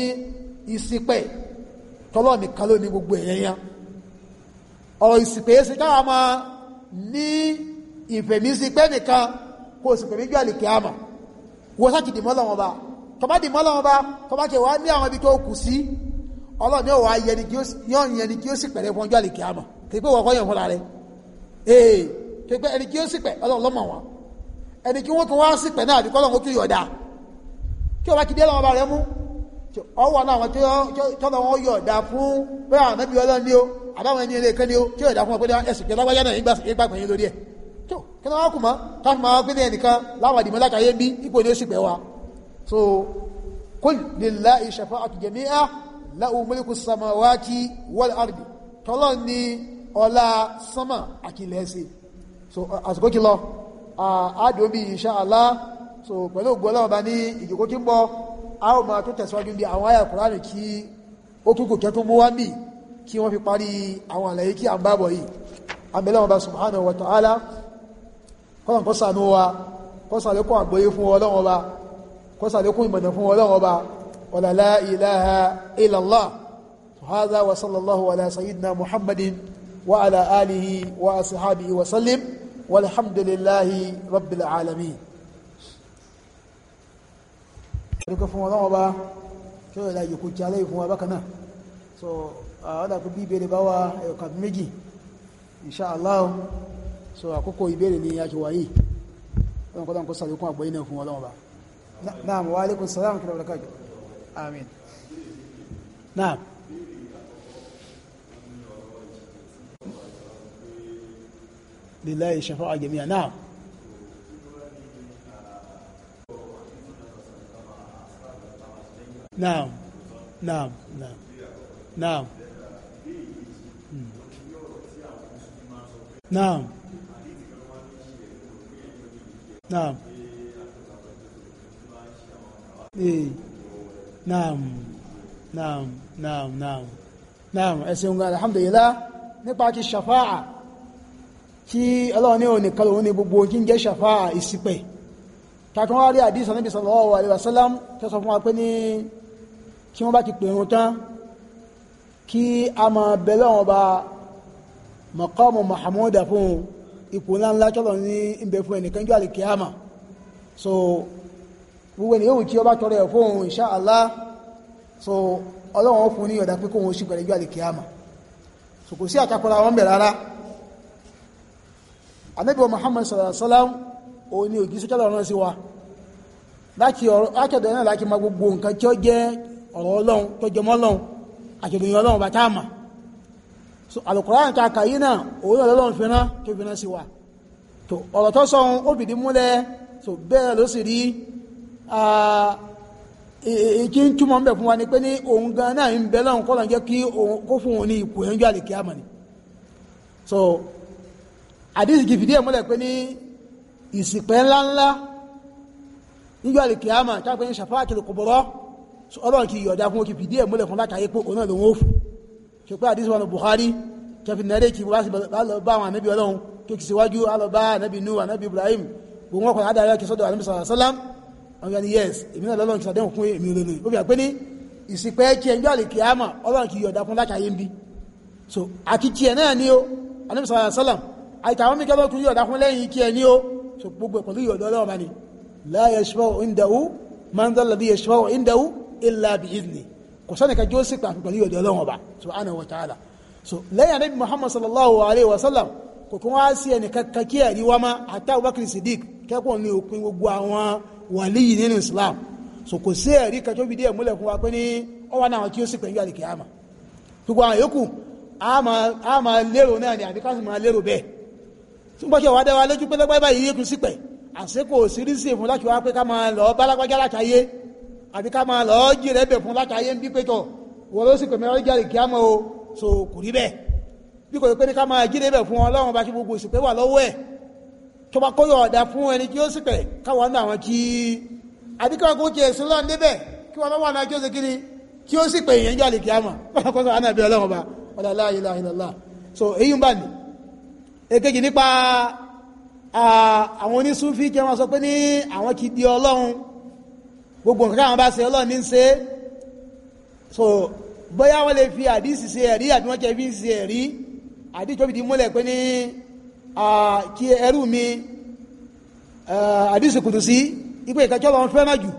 ìsìpẹ̀ tọ́lọ́ nìkan ló ní gbogbo èèyàn yẹn ọ̀rọ̀ ìsìnkú yẹn sì káwọn ọmọ ní ìfẹ̀mísí pẹ́ nìkan kó o sì pèmí jù àlìkè àmọ̀ wo sáàtì dìmọ́ lọ́wọ́ bá tọ́ba dìmọ́ lọ́wọ́ bá tọ́ba ṣe wá ní àwọn ibi tó kù sí ọlọ́run yóò wá yẹni kí yóò yẹni kí ó sì pẹ̀lẹ́ fún ọjọ́ àlìkè àmọ̀ kì wọ́n kọ́ fúnra rẹ̀ ẹni kí ó sì pẹ̀ ọlọ́run wọn ẹni kí wọ́n tún wá sí pẹ̀ ọwọ́ náà àwọn tọ́lọ wọn yọ̀ ọ̀dà fún bẹ́ẹ̀ àwọn ẹbí ọlọ́run ni ó àbáwọn ẹni eré kẹ́ni ó tí yọ̀ ọ̀dà fún ọpẹ́lẹ́ ẹ̀sìn pẹ̀lú ọgbà yánà ìgbà pẹ̀yìn lórí ẹ̀ tó kí wọ́n kù mọ́ káfí máa gbé ẹnìkan láwọn àdìmọ́ lákàáyé bí ipò ní oṣù pẹ̀ wa so kul lillahi shafa'atu jami'a lahu mulku samawati wal ardi tọ́lọ́ ni ọlá sánmà àkìlẹ́sì so àsìkò kí lọ àádọ́ bí insha Allah so pẹ̀lú ògbọ́lọ́ọ̀bá ní ìjòkó kí ń bọ́ a ó máa tó tẹ̀síwájú bí àwọn àyà kùránì kí ó tún kò kẹ́ tó mú wá mì kí wọ́n fi parí àwọn àlàyé kí à ń bábọ̀ yìí àmìlẹ́ wọn bá subhanahu wa ta'ala kọ́nà kọ́ wa kọ́ àgbóyé fún ọlọ́run ọba الله على سيدنا محمد وعلى آله وأصحابه وسلم والحمد لله رب العالمين dúpẹ́ fún ọlọ́wọ́n bá tí ó yẹ yòókù tí aláì fún wa bákan so ọ̀dà pé bí ìbéèrè bá wà ẹ̀kàn méjì insha Allah so àkókò ìbéèrè ni a ṣe wà yìí ọlọ́wọ́n kọ́lọ́wọ́n kó sàlékún àgbọ́yé náà fún ọlọ́wọ́n bá naam wa alaikum salam kí lọ́wọ́ Hmm. Eh. Naam, naam, naam, naam, naam, naam, ee, naam, naam, naam, naam, naam, ẹ ṣeun gan alhamdulillah nípa ti ṣàfáà kí ọlọ́run ní òní kan òun ní gbogbo kí ń jẹ́ ṣàfáà ìṣìpẹ̀ tàkùnwárí àdìsàn níbi sallallahu alaihi wasallam tẹ́sọ fún wa pé ní kí wọ́n bá ti pèrún tán kí a mọ̀ bẹ̀lẹ̀ wọn bá maqamu mahamuda fún ipò ńláńlá tọ́lọ̀ ní ìbẹ̀ fún ẹnìkan jọ alìkíyàmà so gbogbo ènìyàn yóò tí ó bá tọrọ ẹ̀ fún insha Allah so ọlọ́wọ́n fún ní ọ̀dá pé kóhun sí pẹ̀lẹ̀ jọ alìkíyàmà so kò sí àtakọ́ra wọn bẹ̀ rárá anábíwa Muhammad sallallahu alaihi wasallam òun ni ògì sí tọ́lọ̀ sí wa láti ọ̀dọ̀ náà láti ma gbogbo nǹkan tí ó jẹ́ ọ̀rọ̀ ọlọ́run tó jọmọ́ ọlọ́run àjọ̀dún ọlọ́run bá tá a mà so alukoran ta kàyí náà òun ọlọ́run fi rán tó fi rán sí wa tó ọ̀rọ̀ tó sọ ohun ó fìdí múlẹ̀ tó bẹ́ẹ̀ ló sì rí ìkí ń túmọ̀ ń bẹ̀ fún wa ni pé ní òun gan náà ń bẹ lọ́run kọ́lọ̀ jẹ́ kí kó fún òun ní ipò ẹ̀ńjọ́ àlèkè àmà ni so àdìsí kì fìdí ẹ̀ múlẹ̀ pé ní ìsìpẹ́ ńláńlá níjọ́ àlèkè àmà táwọn pé ní ṣàfáàkì lè kò bọ̀rọ̀ ọlọ́run kì í yọ̀dá fún òkè fìdí ẹ̀ múlẹ̀ fún látàrí pé òun náà ló ń wò fún ṣe pé àdísí wọn Bukhari kẹfì nẹ́rẹ́ kì í wá sí bá àwọn ànábì ọlọ́run tó kì í síwájú alọ́bá ànábì nu ànábì Ibrahim gbogbo wọn kọ̀ ládàá kì í sọ́dọ̀ ànábì sàlá sálám àwọn yẹn yes èmi náà lọ́lọ́run kìsàdé òkun èmi lónìí ó fi hàn pé ní ìsìnkú ẹ̀ tiẹ̀ ń jọ́ àlèkè àmọ́ ọlọ́run kì í yọ̀dá fún látàrí ń bí so àti tiẹ̀ náà ni ó ànábì sàlá sálám àìtàwọn mi kẹ́lọ́ tún yọ̀dá fún lẹ́yìn tiẹ̀ ni ó so gbogbo ẹ̀kọ́ ló yọ̀dá ọlọ́run bá ní láyé ṣọ́ ìdáwó máa ń dọ́là bí yẹ ṣọ́ ìdáwó illa bi idni kò sẹ́nìkan jó sí pàtó pẹ̀lú ìyọ̀dọ̀ ọlọ́run ọba subhanahu wa ta'ala so lẹ́yìn anabi muhammad sallallahu alayhi wa sallam kò kún wá sí ẹnìkan kakí ẹ̀rí wa má àti abubakar siddiq kẹ́kọ̀ọ́ ní òpin gbogbo àwọn wàlíyì nínú islam so kò sí ẹ̀rí kan tó fi díẹ̀ múlẹ̀ fún wa pé ní ọwọ́ náà tí ó sì pẹ̀lú àlìkè àmà gbogbo àwọn yòókù a máa lérò náà ni àbí káàsì máa lérò bẹ́ẹ̀ tí wọ́n ṣe lójú pé báyìí yékun sí àsìkò òsírísì fún pé ká máa lọ bálágbájá látàyé àbí ká máa lọ́ọ́ jì rẹ̀ bẹ̀ fún látàyé ń bí pẹ́tọ̀ wọ́n ló sì pẹ̀mí ọ̀rọ̀ jáde kí á mọ́ o so kò rí bẹ́ẹ̀ bí kò pé ní ká máa jíde bẹ̀ fún ọlọ́run bá ṣe gbogbo ìsìnkú wà lọ́wọ́ ẹ̀ tó bá kóyọ̀ ọ̀dà fún ẹni tí ó sì pẹ̀ káwọn náà wọn kí àbí káwọn kò tiẹ̀ sí lọ́n débẹ̀ kí wọn lọ́wọ́ àná kí ó sì kiri kí ó sì pè èèyàn jáde kí á mọ̀ báwọn kọ́sọ̀ àná bí ọlọ́run bá ọ̀là la ilaha illallah so èyí ń bà ní èkejì nípa àwọn onísúfí kí wọ́n sọ pé ní àwọn kì di ọlọ́run gbogbo nǹkan káwọn bá ṣe ọlọ́run ní ń ṣe so bóyá wọ́n lè fi àdísì ṣe ẹ̀rí àbí wọ́n jẹ́ fi ń ṣe ẹ̀rí àdísì tó fi di múlẹ̀ pé ní kí ẹrú mi àdísì kùdùsí ipò ìkàjọ́ lọ́n fẹ́ràn jù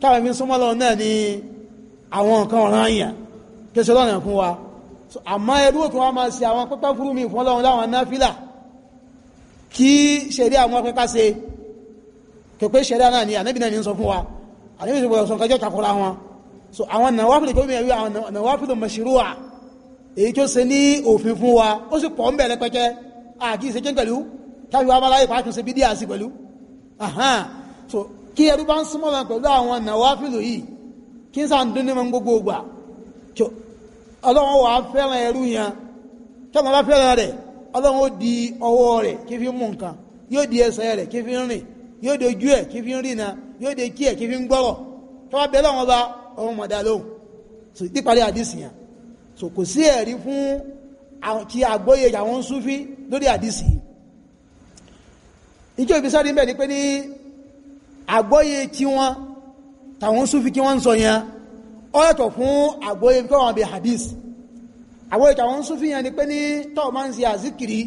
táwọn mi súnmọ́ lọ́run náà ni àwọn nǹkan ọ̀ràn àyàn kí ṣe lọ́rùn fún wa àmọ́ ẹrú òtún wa máa ṣe àwọn pẹ́pẹ́ fúrú mi fún ọlọ́run láwọn náfìlà kí ṣẹ̀rí àwọn pẹ́pẹ́ ṣe kẹ̀pẹ́ ṣẹ̀rí náà ni ànábì náà ni ń sọ fún wa àníbi ìṣòwò ọ̀sán kájọ́ takura wọn so àwọn nàwáfìlì tó bí àwọn nàwáfìlì mashru'a èyí tó ṣe ní òfin fún wa ó sì pọ̀ ń bẹ̀rẹ̀ pẹ́kẹ́ àti kwa jẹ́ pẹ̀lú tábí wa báláyé pàtó so kí ẹrú bá ń súnmọ́ lọ pẹ̀lú àwọn nàwáfìlì yìí kí n sàn dún ní wọn gbogbo ògbà ọlọ́run wà fẹ́ràn ẹrú yẹn tọ́nà bá fẹ́ràn di ọwọ́ rẹ̀ kí fi mú nǹkan yóò di ẹsẹ̀ rẹ̀ kí fi di ojú ẹ̀ kí fi yóò de kí ẹ̀ kí fi ń gbọ́rọ̀ tó bá bẹ̀rẹ̀ bá ọmọ mọ̀dá lóhùn so níparí àdìsí yẹn so kò sí ẹ̀rí fún kí àgbóyè àwọn súfí lórí àdìsí ìjọ ìbísọ́ ní bẹ́ẹ̀ ni pé ní àgbóyè tí wọ́n tàwọn súfí kí wọ́n ń sọ yẹn ó yàtọ̀ fún àgbóyè kí wọ́n bí hadith àgbóyè tàwọn súfí yẹn ni pé ní tọ́ọ̀ máa ń ṣe àzíkiri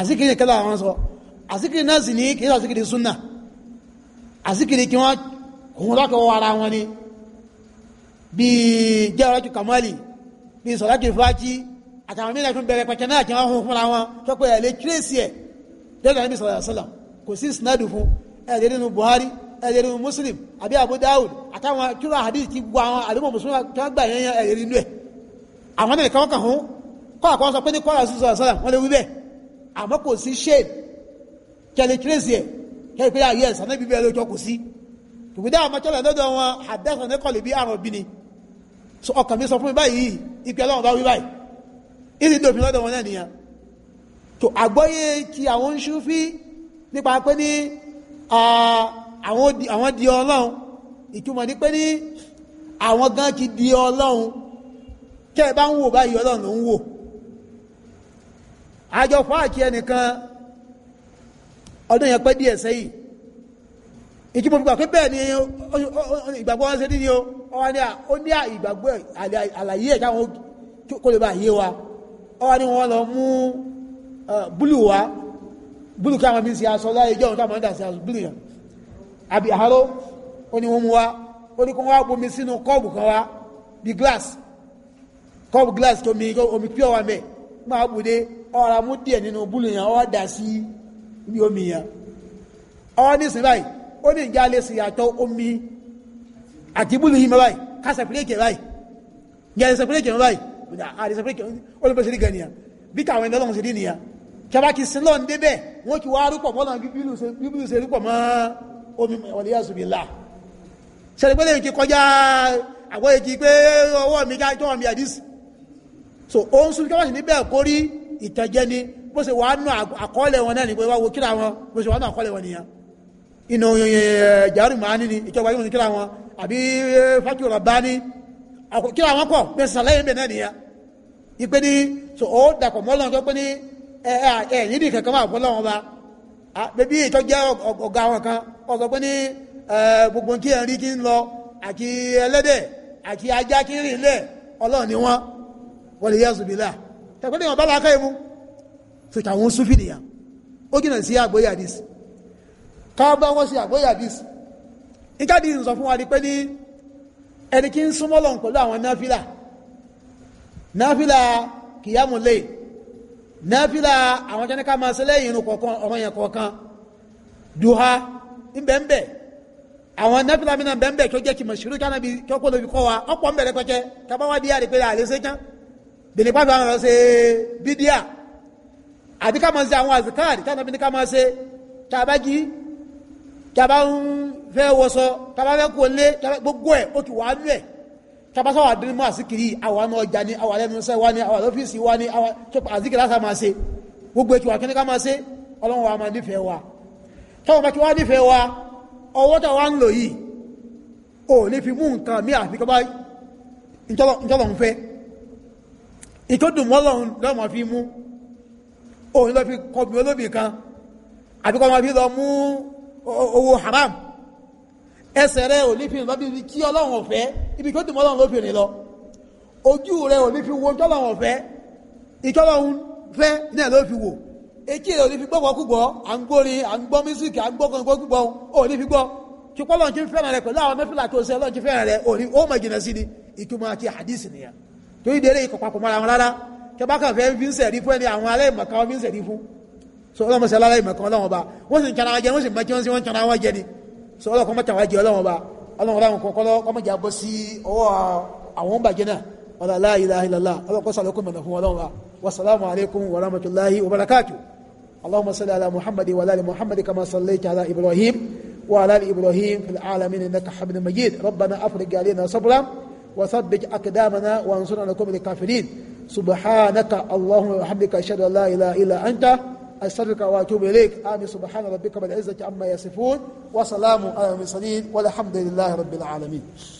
àzíkiri kẹta àwọn sọ àzíkiri náà sì ní kìí sàzíkiri sunnah àsìkiri kí wọ́n kùn lọ́kọ̀ọ́ ara wọn ni bíi jẹ́ ọ̀rọ̀jù kamali bíi sọ̀rọ̀jù fàájì àtàwọn mílíọ̀nù tún bẹ̀rẹ̀ pẹ̀kẹ́ náà kí wọ́n hun fúnra wọn tọ́pẹ́ ẹ̀ lè tírèsì ẹ̀ lẹ́gbẹ̀ẹ́ níbi sọ̀rọ̀ sọ̀lọ̀ kò sí sinadu fún ẹ̀ lè Buhari ẹ̀ lè Muslim àbí Abu Dawud àtàwọn kíló hadith ti gbọ́ àwọn àdúgbò mùsùlùmí tí wọ́n gbà yẹn yẹn ẹ̀ lè nínú ẹ̀ àwọn náà kàn kàn hún kọ́ àkọ́ sọ ẹ̀ lẹ́yìn pé ayé ẹ̀sán níbi bẹ́ẹ̀ lójọ́ kò sí tòkúdá àmọ́tọ́lẹ̀ lọ́dọ̀ wọn àdẹ́sán ní kọ̀lì bí àrùn bíni so ọkàn mi sọ fún mi báyìí ìpè ọlọ́run bá wí báyìí ìdí dòfin lọ́dọ̀ wọn náà nìyẹn tó àgbọ́yé ti àwọn ṣúfí nípa pé ní àwọn di ọlọ́run ìtumọ̀ ní pé ní àwọn gan ti di ọlọ́run kẹ́ ẹ bá ń wò báyìí ọlọ́run ló ń wò àjọ fáàkì ẹnìkan ọdún yẹn pẹ́ díẹ̀ sẹ́yìn ìkí mo fi gbà pé bẹ́ẹ̀ ni ìgbàgbọ́ wọn ṣe ní ni o ọwọ́ ni ó ní ìgbàgbọ́ àlàyé ẹ̀ káwọn kó bá yé wa ọwọ́ ni wọ́n lọ mú búlù wa búlù káwọn mi ṣe aṣọ láyé jọ́ táwọn máa ń dà sí aṣọ búlù yẹn àbí àháró ó ní wọ́n mú wa ó ní kó wá bomi sínú kọ́ọ̀bù kan wa bí glass kọ́ọ̀bù glass tó mi omi pure wa mẹ́ máa bù dé ọ̀rọ̀ mú díẹ̀ nínú búlù yẹn ọwọ́ dà sí bí omi yẹn ọwọ́ nísìn báyìí ó ní ìjà lè sì yàtọ̀ omi àti búlù yìí báyìí ká sẹ̀pìlékè báyìí jẹ́ sẹ̀pìlékè báyìí àti sẹ̀pìlékè ó lè bẹ́ sí gan nìyẹn bí káwọn ẹni ọlọ́run sí dí nìyẹn kẹbàkì sí lọ́n débẹ̀ wọ́n kí wá rúpọ̀ mọ́lá bíbélù ṣe rúpọ̀ mọ́ omi wọlé yàtọ̀ bí là ṣẹlẹ̀gbẹ́lẹ̀ yìí kí kọjá àgbọ̀ yìí kí pé ọwọ́ mi ká tó wà àdís so òun sún kí wọ́n sì níbẹ̀ kórí ìtẹ̀jẹ́ ni bó ṣe wàá nù àkọọ́lẹ̀ wọn náà ní pé wá wo kíra wọn bó ṣe wàá nù àkọọ́lẹ̀ wọn nìyẹn inú eh, eh, jàrú màání ni ìjọba yóò ní kíra wọn àbí eh, fájú Rabbani kíra wọn kọ̀ bẹ́ẹ̀ sàlẹ́yìn bẹ́ẹ̀ náà nìyẹn ìpè ní so ó dàpọ̀ mọ́ lọ́nà tó pé ní ẹ̀yìn ah, ní kankan máa bọ́ lọ́wọ́n ba ah, bẹ́bí ìtọ́jẹ́ ọ̀gá wọn kan ọ̀gá pé ní gbogbo kí ẹ̀rí kí ń lọ àti ẹlẹ́dẹ̀ àti ajá kí ń rìn lẹ̀ ọlọ́run ni wọ́n wọlé yẹ́sùn bílà tẹ̀pẹ́ ní wọn bá lákàyè mu so tàwọn súnfì nìyàn ó jìnà sí àgbóyè àdìs ká bá wọ́n sí àgbóyè àdìs nígbàdí sọ fún wa di pé ní ẹni kí ń súnmọ́ lọ́n pẹ̀lú àwọn náfìlà náfìlà kìyàmù lè náfìlà àwọn jẹ́ ní ká máa ṣe lẹ́yìn irun kọ̀ọ̀kan ọmọ yẹn kọ̀ọ̀kan duha ńbẹ̀ńbẹ̀ àwọn náfìlà mi náà bẹ́ńbẹ̀ kí ó jẹ́ kí mọ̀ ṣírú kánà bí kí ó kó lóbi kọ́ wa ọ̀pọ̀ ń bẹ̀rẹ̀ pẹ́kẹ́ kábáwá díyà rí pé àlè ṣe tán bèlè pàtó àwọn ọ̀rọ̀ bídíà àbí ká máa ṣe àwọn àzìkáàrì táwọn ẹbí ní ká máa ṣe tá a bá jí tá a bá ń fẹ́ wọṣọ tá a bá fẹ́ kó lé gbogbo ẹ̀ ó ti wà á nú ẹ̀ tá a bá sáwà dín mọ́ àsìkiri àwa náà ọjà ni àwa lẹ́nu iṣẹ́ wa ni àwa lọ́fíìsì wa ni àwa àzìkiri àṣà máa ṣe gbogbo ètò àkíní ká máa ṣe ọlọ́run wa máa nífẹ̀ẹ́ wa tọ́wọ́n bá ti wá nífẹ̀ẹ́ wa ọwọ́ tó wá ń lò yìí ò ní fi mú nǹkan mí àfi kọ́ bá ń fẹ́ ìtòdùn mọ́lọ́run lọ́mọ fi mú òun lọ fi kọbi olóbì kan àbí kọ́ máa fi lọ mú owó haram ẹsẹ̀ rẹ ò ní fi lọ bíbi kí ọlọ́run ọ̀fẹ́ ibi tó dùnmọ́ ọlọ́run lóbìnrin lọ ojú rẹ ò ní fi wo tọ́lọ́run ọ̀fẹ́ ìtọ́lọ́run fẹ́ náà ló fi wò etí rẹ ò ní fi gbọ́kọ̀ kúgbọ́ à ń gbórin à ń gbọ́ mísíkì à ń gbọ́kọ̀ gbọ́gbọ́ ò ní fi gbọ́ tukọ́ lọ́n ti fẹ́ràn rẹ pẹ̀lú àwọn mẹ́fìlà tó ṣe lọ́n ti fẹ́ràn rẹ ò ní ó mọ̀ jìnnà sí ni ìtumọ̀ àti hadisi nìyà torí délé ìkọ̀pàpọ̀ mọ́ra wọn rárá tó bá kàn fẹ́ fi ń sẹ̀rí fún ẹni àwọn aláìmọ̀kan wọn fi ń sẹ̀rí fún so ọlọ́mọ sẹ́lá aláìmọ̀kan ọlọ́wọ́n ba wọ́n sì ń tara wọn jẹ wọ́n sì mọ̀ tí wọ́n sì wọ́n tara wọn jẹ ni so ọlọ́kọ̀ mọ̀tà wọn jẹ ọlọ́wọ́n ba ọlọ́wọ́n láwọn kọ̀ọ̀kọ́ lọ́kọ́ mọ̀jà bọ́ sí ọwọ́ àwọn ń bàjẹ́ náà wala la ilaha illallah ọlọ́kọ́ sàlọ́kọ́ mọ̀nà fún ọlọ́wọ́n ba wasalaamu alaykum wa rahmatulahi wa barakatu allahumma salli ala muhammadi wa ala muhammadi kama sallaita ala ibrahim wa ala ibrahim fil alamin سبحانك اللهم وبحمدك أشهد أن لا إله إلا أنت أستغفرك وأتوب إليك آمين سبحان ربك بالعزة عما يصفون وسلام على المرسلين والحمد لله رب العالمين